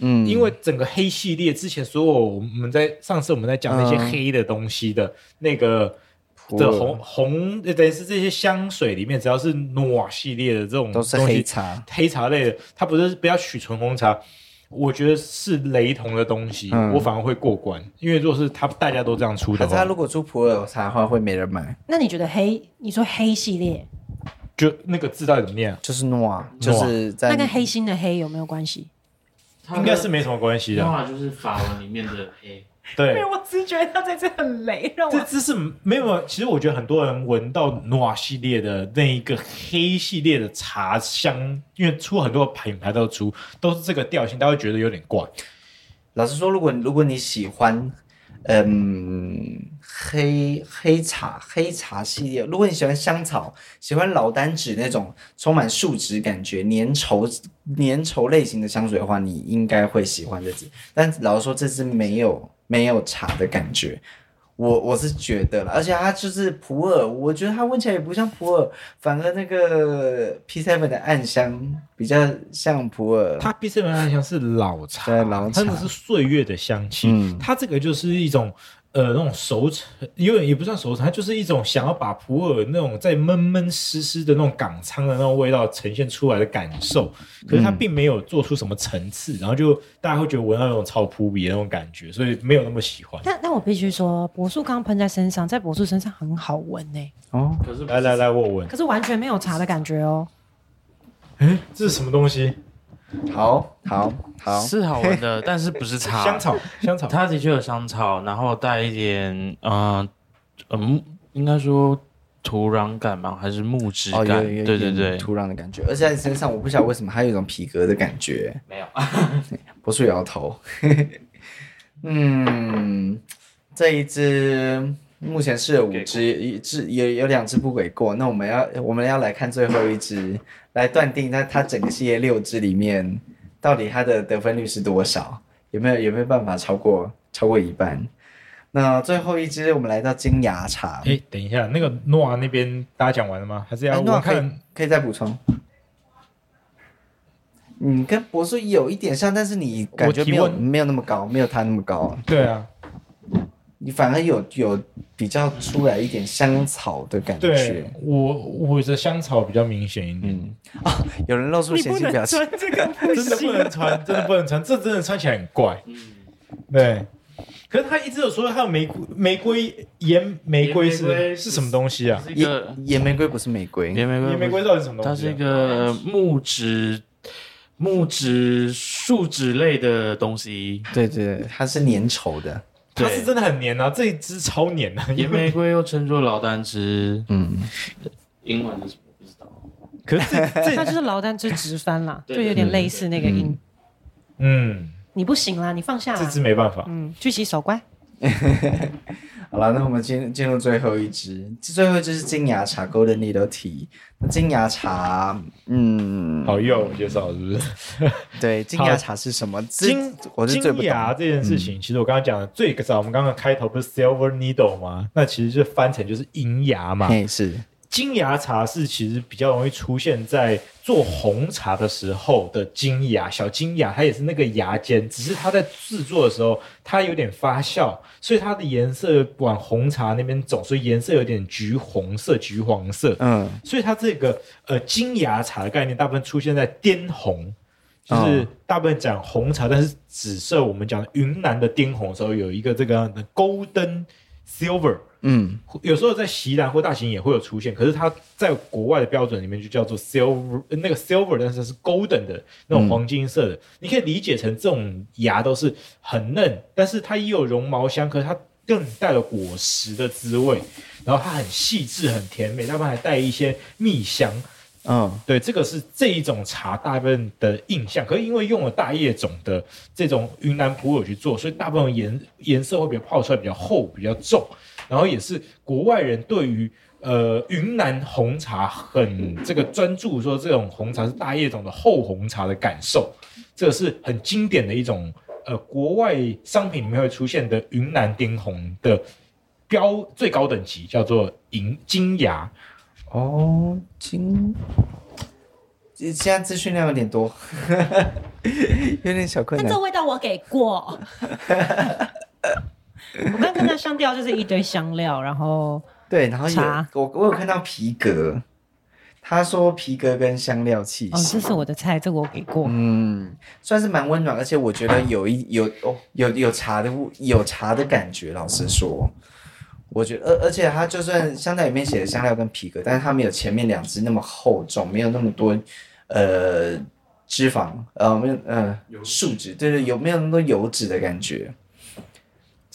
嗯，因為整個黑系列之前，所有我們在上次我們在講那些黑的東西的、嗯、那個的紅紅，等於是這些香水裡面，只要是 Noir 系列的這種都是黑茶，黑茶類的，它不是不要取純紅茶，我覺得是雷同的東西，嗯、我反而會過關，因為如果是它大家都這樣出的，是他如果出普洱茶的話，會沒人買。那你覺得黑？你說黑系列，就那個字到底怎麼念？就是 Noir，就是在那跟黑心的黑有沒有關係？應該是沒什麼關係的，努瓦就是法文裡面的黑。 對，沒有，我只是覺得它在這很雷，讓我這姿勢沒有。其實我覺得很多人聞到努瓦系列的那一個黑系列的茶香，因為出很多品牌都出，都是這個調性，大家會覺得有點怪。老實說，如果如果你喜歡。嗯，黑黑茶、黑茶系列，如果你喜歡香草、喜歡勞丹脂那種充滿樹脂感覺、粘稠、粘稠類型的香水的話，你應該會喜歡這支。但老實說，這支沒有、沒有茶的感覺。我我是覺得了，而且它就是普洱，我覺得它聞起來也不像普洱，反而那個 P 7的暗香比較像普洱。它 P 7的暗香是老茶，老茶真的是歲月的香氣。它、嗯、這個就是一種。呃，那種熟成，因為也不算熟成，它就是一種想要把普洱那種在悶悶濕濕的那種港倉的那種味道呈現出來的感受，可是它並沒有做出什麼層次、嗯，然後就大家會覺得聞到那種超撲鼻的那種感覺，所以沒有那麼喜歡。但但我必須說，柏樹剛噴在身上，在柏樹身上很好聞呢、欸。哦，可是來來來，我聞。可是完全沒有茶的感覺哦。誒、欸，這是什麼東西？好好好，是好聞的， 但是不是草 香草香草，它的確有香草，然後帶一點嗯、呃呃，應該說土壤感吧，還是木質感？哦、對，對對對，土壤的感覺。而且在身上，我不曉得為什麼還有一種皮革的感覺。 沒有，不是搖頭。嗯，這一只目前是有五只，一只有有兩隻不給過。那我們要我們要來看最後一只。 來斷定他，在他整個系列六支裡面，到底他的得分率是多少？有沒有，有沒有辦法超過超過一半？那最後一支，我們來到金芽茶。誒，等一下，那個諾瓦那邊大家講完了嗎？還是要諾可以可以再補充？你、嗯、跟博士有一點像，但是你感覺沒有，沒有那麼高，沒有他那麼高。對啊。你反而有有比較出來一點香草的感覺。對，我，我覺得香草比較明顯一點。啊、嗯哦，有人露出嫌棄表情。你不能穿這個， 真的不能穿，真的不能穿， 這真的穿起來很怪。嗯，對。可是他一直有說他有玫瑰，玫瑰鹽玫瑰是是什麼東西啊？鹽鹽玫瑰不是玫瑰，鹽玫瑰鹽玫瑰到底是什麼東西、啊？它是一個木質木質樹脂類的東西。對對對，它是粘稠的。它是真的很黏吶、啊，這一支超黏的、啊。岩玫瑰又稱作勞丹脂， 嗯，英文是什麼不知道。可是這， 這這它就是勞丹脂直翻啦， 對對對就有點類似那個音。嗯。嗯你不行啦，你放下。這支沒辦法。嗯，去洗手，乖。 好了，那我們進進入，入最後一支，最後就是金芽茶 Golden Needle Tea。那金芽茶，嗯，好用，介紹是不是？對，金芽茶是什麼？金,金，金芽這件事情，其實我剛剛講的、嗯、最早，我們剛剛開頭不是 Silver Needle 嗎？那其實就翻成就是銀芽嘛，嘿，是。金芽茶是其實比較容易出現在做紅茶的時候的金芽，小金芽它也是那個芽尖，只是它在製作的時候它有點發酵，所以它的顏色往紅茶那邊走，所以顏色有點橘紅色、橘黃色。嗯，所以它這個呃金芽茶的概念大部分出現在滇紅，就是大部分講紅茶，嗯，但是紫色我們講雲南的滇紅的時候有一個這個，啊，Golden Silver。嗯，有時候在西南或大型也會有出現，可是它在國外的標準裡面就叫做 silver，那個 silver，但是是 golden 的那種黃金色的，嗯，你可以理解成這種芽都是很嫩，但是它也有絨毛香，可是它更帶了果實的滋味，然後它很細緻、很甜美，大部分還帶一些蜜香。嗯、哦，對，這個是這一種茶大部分的印象。可是因為用了大葉種的這種雲南普洱去做，所以大部分顏顏色會比較泡出來比較厚、比較重。然後也是國外人對於呃雲南紅茶很這個專注，說這種紅茶是大葉種的厚紅茶的感受，這是很經典的一種呃國外商品裡面會出現的雲南滇紅的標最高等級叫做銀金芽。哦，金，現在資訊量有點多， 有點小困難。但這味道我給過。 我剛看到香調就是一堆香料，然後對，然後茶。我我有看到皮革，他說皮革跟香料氣息，哦，這是我的菜，這個我給過。嗯，算是蠻溫暖，而且我覺得有一有哦有有，有，有茶的有茶的感覺。老實說，我覺得、呃、而且它就算香奈裡面寫的香料跟皮革，但是它沒有前面兩隻那麼厚重，沒有那麼多呃脂肪，呃沒有呃樹脂，對對，有沒有那麼多油脂的感覺。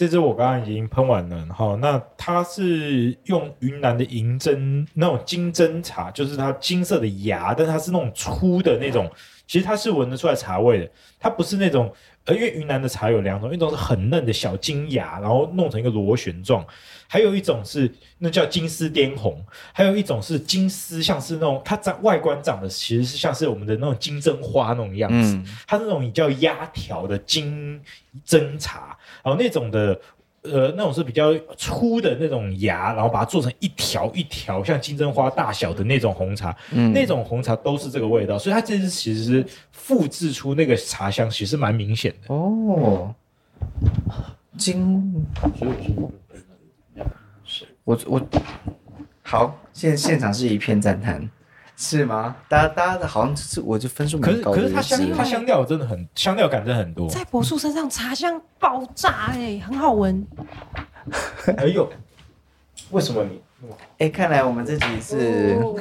這支我剛剛已經噴完了哈、哦，那它是用雲南的銀針，那種金針茶，就是它金色的芽，但它是那種粗的那種，其實它是聞得出來茶味的，它不是那種。而因為雲南的茶有兩種，一種是很嫩的小金芽，然後弄成一個螺旋狀；還有一種是那叫金絲滇紅，還有一種是金絲，像是那種它長外觀長得其實是像是我們的那種金針花那種樣子，嗯、它是那種也叫壓條的金針茶，然後那種的。呃，那種是比較粗的那種芽，然後把它做成一條一條，像金針花大小的那種紅茶，嗯，那種紅茶都是這個味道，所以它這次其實複製出那個茶香，其實蠻明顯的哦。金，所以我我我好，現現場是一片讚嘆。是嗎？大家大家的好像是我分數就分數沒高。可是可是它香、嗯、它香料真的很香料感真的很多。在柏樹身上茶香爆炸哎、欸，很好聞。 哎呦，為什麼你？哎、哦欸，看來我們這集次，我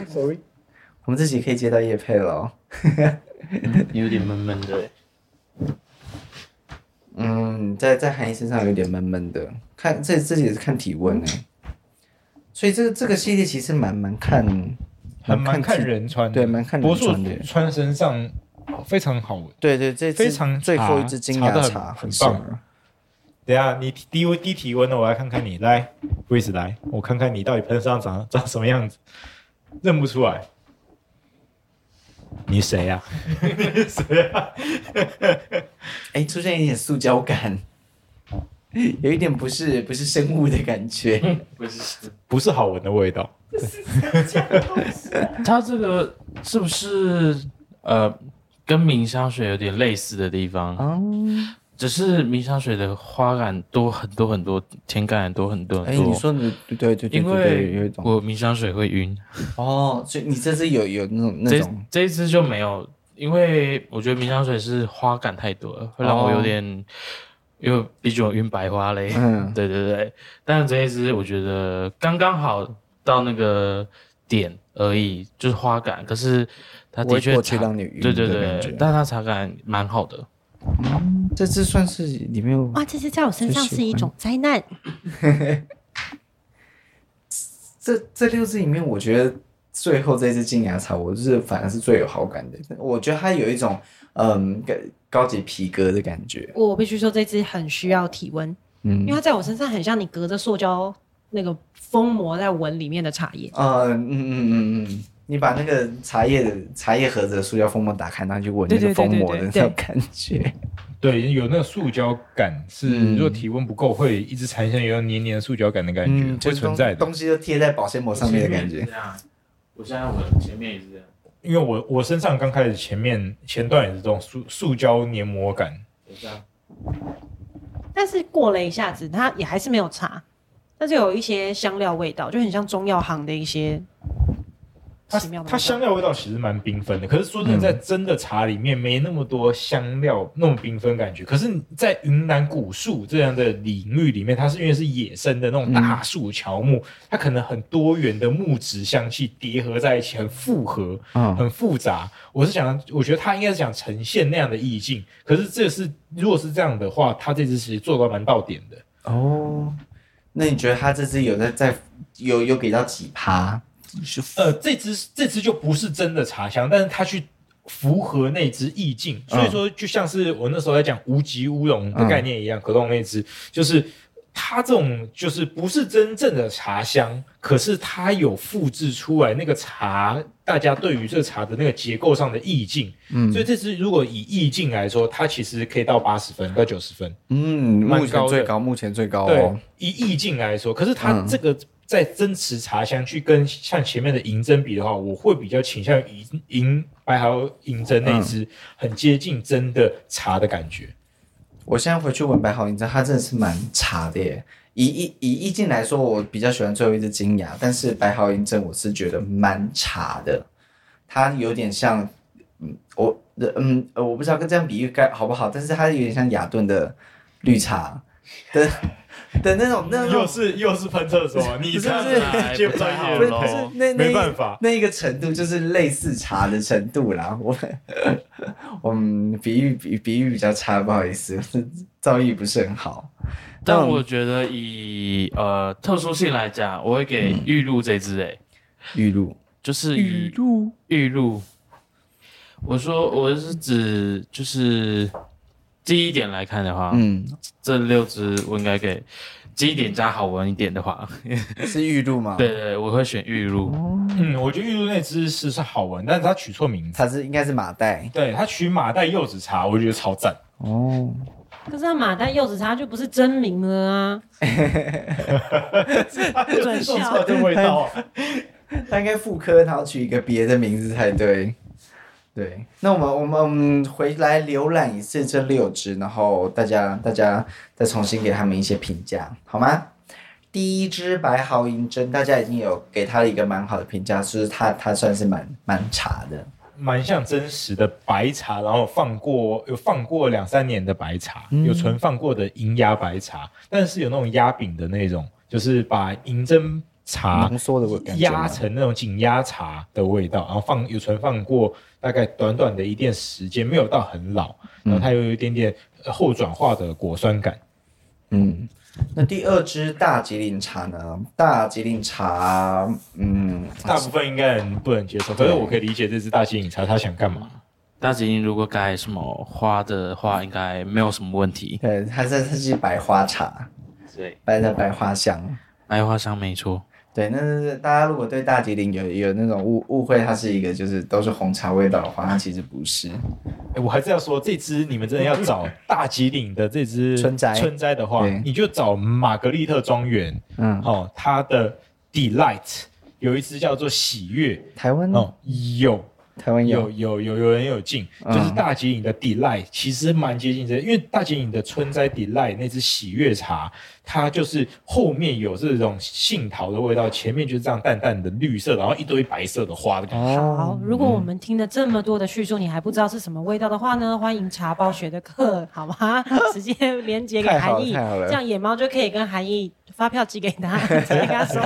們這集可以接到業配了、哦 嗯。有點悶悶的、欸。嗯，在在韓奕身上有點悶悶的，看這這集是看體溫哎、欸。所以這個這個系列其實蠻蠻看。還蠻看人穿的，對，蠻看人穿的。穿身上非常好聞，對對，這非常最後一支金芽茶，茶很，很棒。等下你低低體溫了，我來看看你來，Breeze 來，我看看你到底噴上長長什麼樣子，認不出來，你誰呀？啊？你誰呀？哎，出現一點塑膠感。 有一點不是不是生物的感覺，嗯、不是不是好聞的味道。 這這啊、 它這個是不是呃跟茗香水有點類似的地方？嗯、只是茗香水的花感多很多很多，甜感多，多很多。哎、欸，你說你對對，對對對，因為我茗香水會暈。哦，所以你這次有有那種 那種，這次就沒有，因為我覺得茗香水是花感太多了，會、哦、讓我有點。因為畢竟我暈白花嘞，嗯，對對對，但是這一隻我覺得剛剛好到那個點而已，就是花感，可是它的確讓你暈，對對對，但是它茶感蠻好的。嗯，這隻算是裡面哇，這隻在我身上是一種災難。嘿 這這六隻裡面，我覺得。最後這支金芽茶，我是反而是最有好感的。我覺得它有一種嗯，高級皮革的感覺。我必須說，這支很需要體溫，嗯，因為它在我身上很像你隔着塑膠那個封膜在聞裡面的茶葉、呃。嗯嗯嗯嗯嗯，你把那個茶葉茶葉盒子的塑膠封膜打開，然後就聞那個封膜的那種感覺。對，對，對，對，對，對，對，對， 對，有那個塑膠感，是如果體溫不夠，會一直產生有黏黏的塑膠感的感覺，嗯、會存在的東西都貼在保鮮膜上面的感覺。就是我現在我前面也是這樣，因為我我身上剛開始前面前段也是這種塑塑膠黏膜感。等一下。但是過了一下子，它也還是沒有差，但是有一些香料味道，就很像中藥行的一些。它，它香料味道其實蠻繽紛的，可是說真的，在，真的茶裡面沒那麼多香料那麼繽紛的感覺，嗯。可是在雲南古樹這樣的領域裡面，它是因為是野生的那種大樹喬木，嗯，它可能很多元的木質香氣疊合在一起，很複合，嗯，很複雜。我是想，我覺得它應該是想呈現那樣的意境。可是這是如果是這樣的話，它這支其實做得蠻到點的哦。那你覺得它這支有在在有有給到幾趴？呃，這支這支就不是真的茶香，但是它去符合那支意境，所以說就像是我那時候在講無極烏龍的概念一樣，嗯、可動那支就是它這種就是不是真正的茶香，可是它有複製出來那個茶，大家對於這茶的那個結構上的意境，嗯，所以這支如果以意境來說，它其實可以到八十分，到九十分，嗯，最高的，目前最高，目前最高。哦，對，以意境來說，可是它這個。嗯在真瓷茶香去跟像前面的銀針比的話，我會比較傾向於銀白毫銀針那一支，很接近真的茶的感覺。嗯、我現在回去聞白毫銀針，它真的是蠻茶的耶。以以以意境來說，我比較喜歡最後一支金芽，但是白毫銀針我是覺得蠻茶的，它有點像，我嗯我不知道跟這樣比喻該好不好，但是它有點像雅頓的綠茶、嗯 的那種，那種又是又是噴廁所， 你 是是就是別噴不是那那沒辦法那，那個程度就是類似茶的程度啦。我 我們比喻、比比喻比較差，不好意思，造詣不是很好。但我覺得以、嗯、呃特殊性來講，我會給玉露這支誒、欸、玉露就是玉露玉露。我說我是指就是。第一點來看的話，嗯，這六支我應該給，第一點加好聞一點的話，是玉露嗎？對對，我會選玉露。哦。嗯，我覺得玉露那支是是好聞，但是它取錯名字，它是應該是馬代，對，它取馬代柚子茶，我覺得超讚。哦，可是它馬代柚子茶就不是真名了啊。呵呵呵呵哈！做錯這味道、啊、他，他應該複刻它取一個別的名字才對。對，那我們我們回來瀏覽一次這六支，然後大家大家再重新給他們一些評價，好嗎？第一支白毫銀針，大家已經有給它一個蠻好的評價，就是它它算是蠻蠻茶的，蠻像真實的白茶，然後放過有放過兩三年的白茶，有存放過的銀壓白茶，但是有那種壓餅的那種，就是把銀針茶壓縮的壓成那種緊壓茶的味道，然後放有存放過，大概短短的一點時間，沒有到很老，然後它有一點點後轉化的果酸感。嗯，那第二支大吉嶺茶呢？大吉嶺茶，嗯，大部分應該很不能接受，啊，可是我可以理解這支大吉嶺茶它想幹嘛？大吉嶺如果改什麼花的話，應該沒有什麼問題。對，它這是支白花茶，對，白的白花香，白花香沒錯。對，那大家如果對大吉嶺有有那種誤誤會，它是一個就是都是紅茶味道的話，那其實不是。欸，我還是要說，這支你們真的要找大吉嶺的這支 春摘、春摘的話，你就找瑪格麗特莊園，嗯，哦，它的 Delight 有一支叫做喜悅，台灣哦有。台灣有有有有，有，有人有進、嗯，就是大吉嶺的 Delight，其實蠻接近的，因為大吉嶺的春摘 Delight 那支喜悅茶，它就是後面有這種杏桃的味道，前面就是這樣淡淡的綠色，然後一堆一白色的花的感覺。哦，好，好，如果我們聽了這麼多的敘述，你還不知道是什麼味道的話呢？歡迎茶包學的課好嗎？直接連結給韓奕， 這樣野貓就可以跟韓奕。發票寄給他，直接跟他說。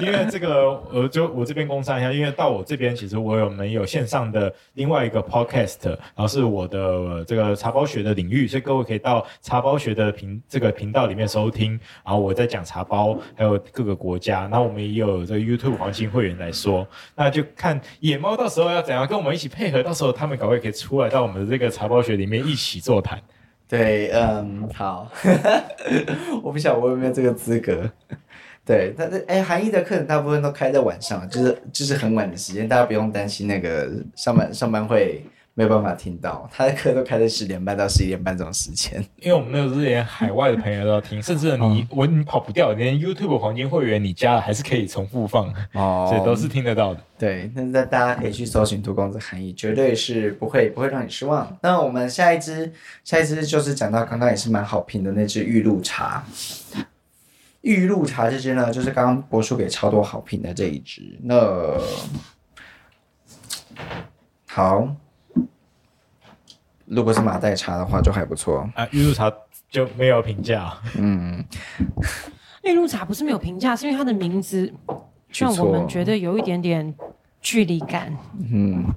因為這個，我就我這邊工商一下，因為到我這邊，其實我有沒有線上的另外一個 podcast，然後是我的這個茶包學的領域，所以各位可以到茶包學的頻這個頻道裡面收聽，然後我在講茶包，還有各個國家。然後我們也有這個 YouTube 黃金會員來說，那就看野貓到時候要怎樣跟我們一起配合，到時候他們趕快可以出來到我們的這個茶包學裡面一起座談。對，嗯，好， 我不曉得我有沒有這個資格。 對，他、欸、的，哎，韓奕的課程大部分都開在晚上，就是就是很晚的時間，大家不用擔心那個上班上班會。沒有辦法聽到，他的課都開在十點半到十一點半這種時間。因為我們那個是連海外的朋友都要聽， 甚至你、哦、我你跑不掉，連 YouTube 黃金會員你加了還是可以重複放哦，所以都是聽得到的。對，那那大家可以去搜尋“荼公子韓奕”，絕對是不會不會讓你失望。那我們下一支下一支就是講到剛剛也是蠻好評的那支玉露茶。玉露茶這支呢，就是剛剛播出給超多好評的這一支。那好。如果是馬黛茶的話，就還不錯啊。玉露茶就沒有評價。啊。嗯， 玉露茶不是沒有評價，是因為它的名字讓我們覺得有一點點距離感。嗯，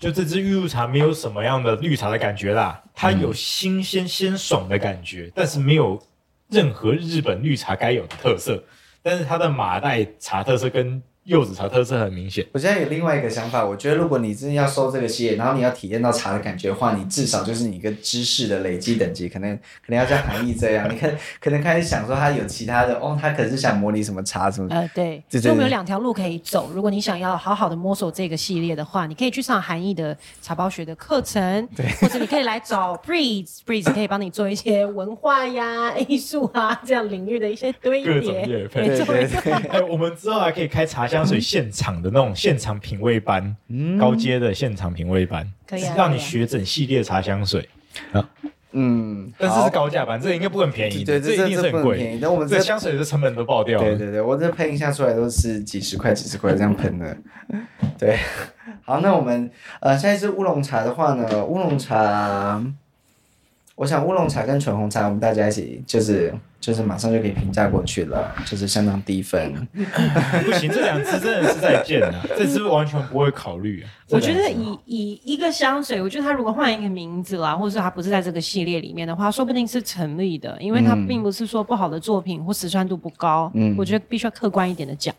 就這支玉露茶沒有什麼樣的綠茶的感覺啦，它有新鮮鮮爽的感覺，嗯，但是沒有任何日本綠茶該有的特色，但是它的馬黛茶特色跟。柚子茶特色很明顯。我現在有另外一個想法，我覺得如果你真的要收這個系列，然後你要體驗到茶的感覺的話，你至少就是你一個知識的累積等級，可能可能要像韓奕這樣， 你可能可能開始想說他有其他的哦，他可能是想模擬什麼茶什麼。啊、呃，對。所以我們有兩條路可以走，如果你想要好好的摸索這個系列的話，你可以去上韓奕的茶包學的課程，對，或者你可以來找 Breeze，Breeze 可以幫你做一些文化呀、藝、呃、術啊這樣領域的一些對疊。對，對，對。各種搭配，哎，我們之後還可以開茶。香水現場的那種現場品味班，嗯、高階的現場品味班，可以、啊、讓你學整系列茶香水啊，嗯，但是這是高價班、嗯，這應該不很便宜，對，對，對，這一定是很貴。等我們這香水的成本都爆掉了，對對對，我這噴一下出來都是幾十塊、幾十塊這樣噴的， 對。好，那我們呃，下一支烏龍茶的話呢，烏龍茶、啊。我想烏龍茶跟醇紅茶，我們大家一起就是就是馬上就可以評價過去了，就是相當低分。 不行，這兩支真的是在賤啊！ 這支完全不會考慮啊。我覺得以 次、啊、 以一個香水，我覺得它如果換一個名字啦，或是它不是在這個系列裡面的話，說不定是成立的，因為它並不是說不好的作品或實穿度不高。嗯，我覺得必須要客觀一點的講。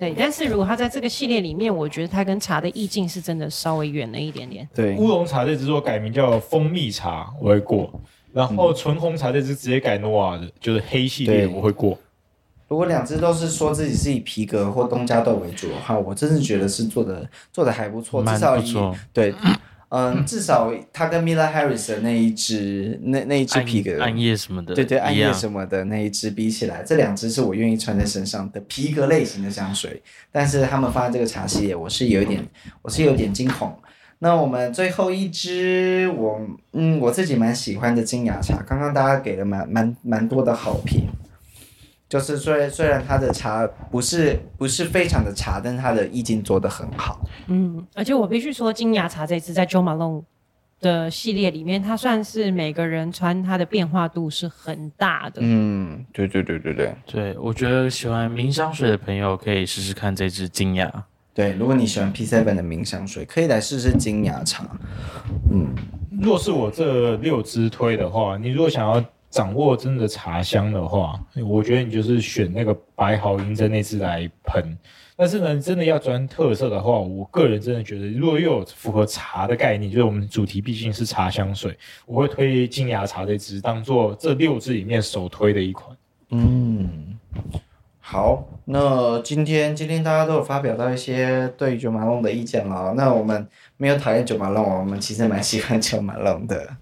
對，但是如果它在這個系列裡面，我覺得它跟茶的意境是真的稍微遠了一點點。對，烏龍茶這支做改名叫蜂蜜茶，我會過；然後醇紅茶這支直接改 Nova 的、嗯，就是黑系列，我會過。如果兩支都是說自己是以皮革或東加豆為主，哈，我真是覺得是做的做的還不錯，蠻不錯。對。嗯嗯，嗯，至少它跟 Miller Harris 的那一只、那那一只皮革暗，暗夜什麼的，對對，暗夜什麼的那一只比起來，嗯，這兩只是我願意穿在身上的皮革類型的香水。但是他們發的這個茶系列，我是有一點，我是有點驚恐。嗯、那我們最後一支，我嗯，我自己蠻喜歡的金芽茶，剛剛大家給了蠻蠻蠻多的好評。就是雖然雖然它的茶不是不是非常的茶，但是它的意境做得很好。嗯，而且我必須說，金芽茶這支在 Jo Malone 的系列裡面，它算是每個人穿它的變化度是很大的。嗯，對對對對對對，我覺得喜歡茗香水的朋友可以試試看這支金芽。對，如果你喜歡 P Seven 的茗香水，可以來試試金芽茶。嗯，若是我這六支推的話，你如果想要。掌握真的茶香的話，我覺得你就是選那個白毫銀針那支來噴。但是呢，真的要專特色的話，我個人真的覺得，如果又有符合茶的概念，就是我們主題畢竟是茶香水，我會推金芽茶這支當做這六支裡面首推的一款。嗯，好，那今天今天大家都有發表到一些對於 Jo Malone 的意見了。那我們沒有討厭 Jo Malone，我們其實蠻喜歡 Jo Malone 的。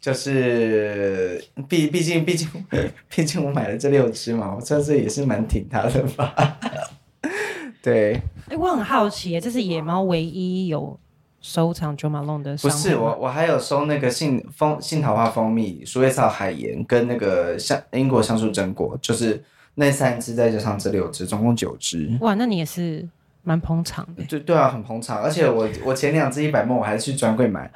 就是畢畢竟畢竟畢竟我買了這六隻嘛，我這次也是蠻挺它的吧。 對，哎、欸，我很好奇，這是野貓唯一有收藏 Jo Malone 的。不是我，我還有收那個杏蜂杏桃花蜂蜜、鼠尾草海鹽跟那個香英國橡樹榛果，就是那三隻，再加上這六隻，總共九隻。哇，那你也是蠻捧場的。對對啊，很捧場。而且我我前兩隻一百 ml，我還是去專櫃買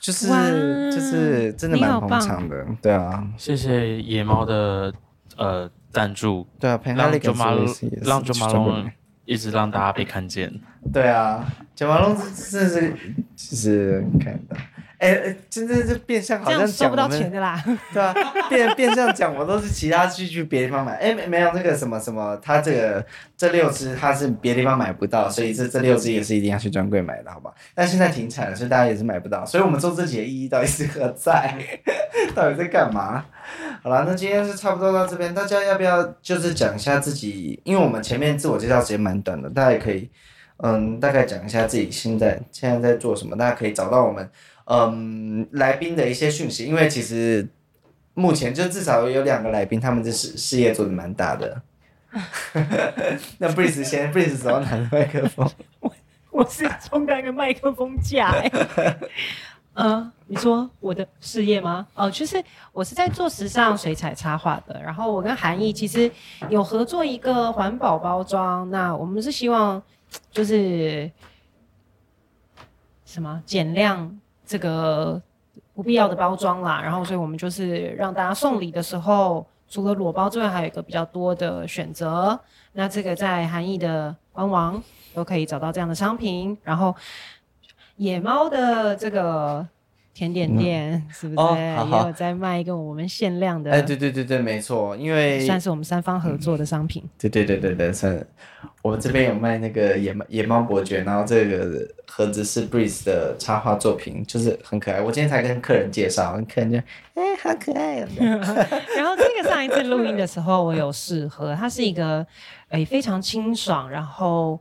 就是就是真的蠻捧場的，對啊，謝謝野貓的呃贊助，對啊，陪伴了九毛龍，讓九毛龍一直讓大家被看見，對啊，九毛龍是是，其實看到。哎、欸欸，真的這變相好像收不到錢的啦， 對啊，變變相講我都是其他去去別地方買，哎、欸，沒有那、這個什麼什麼，它這個這六支它是別地方買不到，所以這這六支也是一定要去專櫃買的，好吧？但現在停產了，所以大家也是買不到，所以我們做自己的意義到底是何在？ 到底在幹嘛？好啦，那今天是差不多到這邊，大家要不要就是講一下自己？因為我們前面自我介紹時間蠻短的，大家也可以嗯大概講一下自己現在現在在做什麼？大家可以找到我們。嗯，來賓的一些訊息，因為其實目前就至少有兩個來賓，他們的事事業做得蠻大的。 那 Breeze 先，Breeze 怎麼拿的麥克風？我我是衝開一個麥克風架、欸。嗯、 uh,，你說我的事業嗎？哦、uh,，就是我是在做時尚水彩插畫的，然後我跟韓奕其實有合作一個環保包裝，那我們是希望就是什麼減量。這個不必要的包裝啦，然後所以我們就是讓大家送禮的時候，除了裸包之外，還有一個比較多的選擇。那這個在韓奕的官網都可以找到這樣的商品，然後野貓的這個甜點店、嗯、是不是、哦、也有在賣一個我們限量的？哎，對對對對，沒錯，因為算是我們三方合作的商品。嗯、對對對對對，是，我們這邊有賣那個野貓野貓伯爵，然後這個。盒子是 Breeze 的插畫作品，就是很可愛。我今天才跟客人介紹，客人就哎、欸、好可愛、喔。 然後這個上一次錄音的時候我有試喝，它是一個誒、欸、非常清爽，然後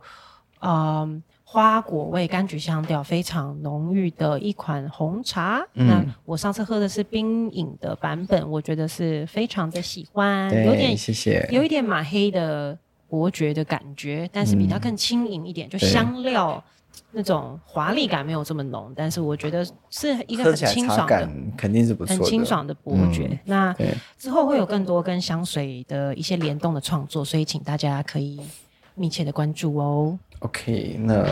嗯花果味、柑橘香調非常濃郁的一款紅茶、嗯。那我上次喝的是冰飲的版本，我覺得是非常的喜歡，對，有點謝謝，有一點馬黑的伯爵的感覺，但是比它更輕盈一點，嗯、就香料。那種華麗感沒有這麼濃，但是我覺得是一個很清爽的，感肯定是不錯，很清爽的伯爵，嗯。那之後會有更多跟香水的一些聯動的創作，所以請大家可以密切的關注哦。OK，那，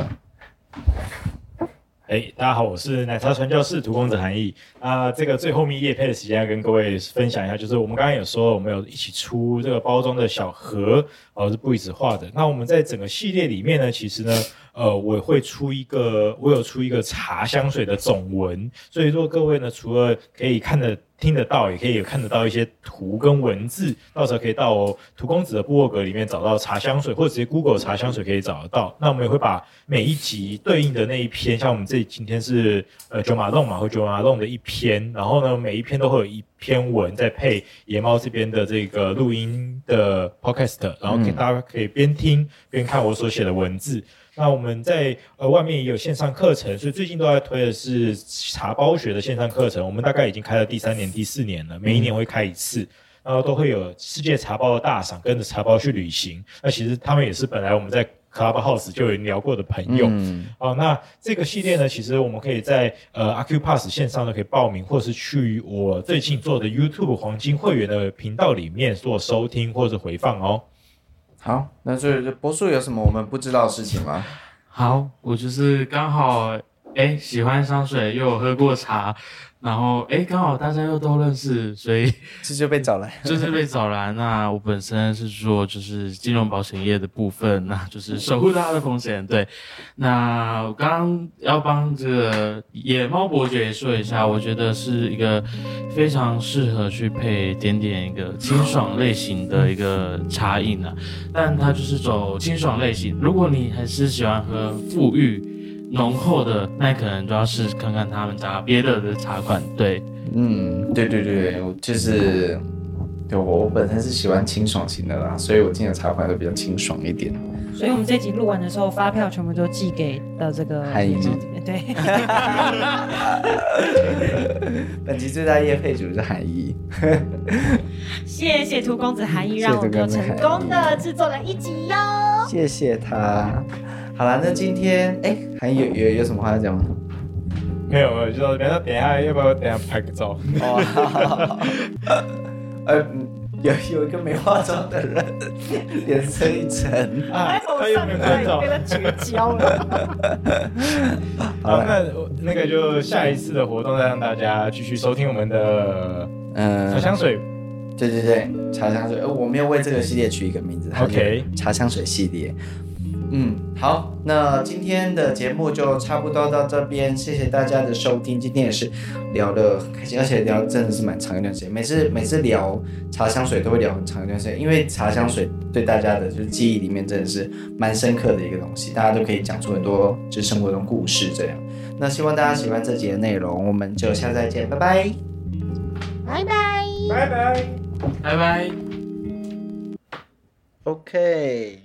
哎，hey，大家好，我是奶茶傳教士荼公子韓奕。啊，呃，這個最後面業配的時間要跟各位分享一下，就是我們剛剛有說我們有一起出這個包裝的小盒。哦，是布一直畫的。那我們在整個系列裡面呢，其實呢，呃，我會出一個，我有出一個茶香水的總文。所以說，各位呢，除了可以看得聽得到，也可以也看得到一些圖跟文字，到時候可以到荼公子的部落格裡面找到茶香水，或者直接 Google 茶香水可以找得到。那我們也會把每一集對應的那一篇，像我們這今天是呃 Jo Malone 嘛，或 Jo Malone 的一篇，然後呢，每一篇都會有一。篇文再配野貓這邊的這個錄音的 podcast，然後給大家可以邊聽邊看我所寫的文字。嗯。那我們在呃外面也有線上課程，所以最近都在推的是茶包學的線上課程。我們大概已經開了第三年、第四年了，每一年會開一次，然後都會有世界茶包的大賞，跟着茶包去旅行。那其實他們也是本來我們在。Clubhouse 就有聊過的朋友哦、嗯呃，那這個系列呢，其實我們可以在呃 Acupass 線上呢可以報名，或是去我最近做的 YouTube 黃金會員的頻道裡面做收聽或者回放哦。好，那所以這波叔有什麼我們不知道的事情嗎？嗯、好，我就是剛好哎、欸，喜歡香水又喝過茶。然後，哎，剛好大家又都認識，所以這就被找來。這就被找來，那我本身是做就是金融保險業的部分，那就是守護大家的風險，對，那我剛剛要幫這個野貓伯爵也說一下，我覺得是一個非常適合去配點點一個清爽類型的一個茶飲呐、啊。但它就是走清爽類型。如果你還是喜歡喝馥郁。濃厚的，那可能就要試看看他們家別的的茶款。對，嗯，對對對，就是，我我本身是喜歡清爽型的啦，所以我進的茶款都比較清爽一點。所以我們這集錄完的時候，發票全部都寄給到這個韓奕。對， 本集最大業配主是韓奕。 謝謝荼公子韓奕，讓我們成功的製作了一集喲。謝謝他。好了，那今天哎、欸，還有有有什麼話要講嗎？沒有了，就等下要不要等下拍個照？嗯、哦 呃，有有一個沒化妝的人， 臉色一沉、啊，他又沒化妝，跟他絕交了。好，那那個就下一次的活動再讓大家繼續收聽我們的嗯茶香水、嗯，對對對，茶香水，呃、我們要為這個系列取一個名字，OK，茶香水系列。嗯，好，那今天的節目就差不多到這邊，謝謝大家的收聽。今天也是聊得很開心，而且聊真的是蠻長一段時間。每次每次聊茶香水都會聊很長一段時間，因為茶香水對大家的就是記憶裡面真的是蠻深刻的一個東西，大家都可以講出很多就是生活中故事這樣。那希望大家喜歡這集的內容，我們就下次再見，拜拜，拜拜，拜拜，拜拜，OK。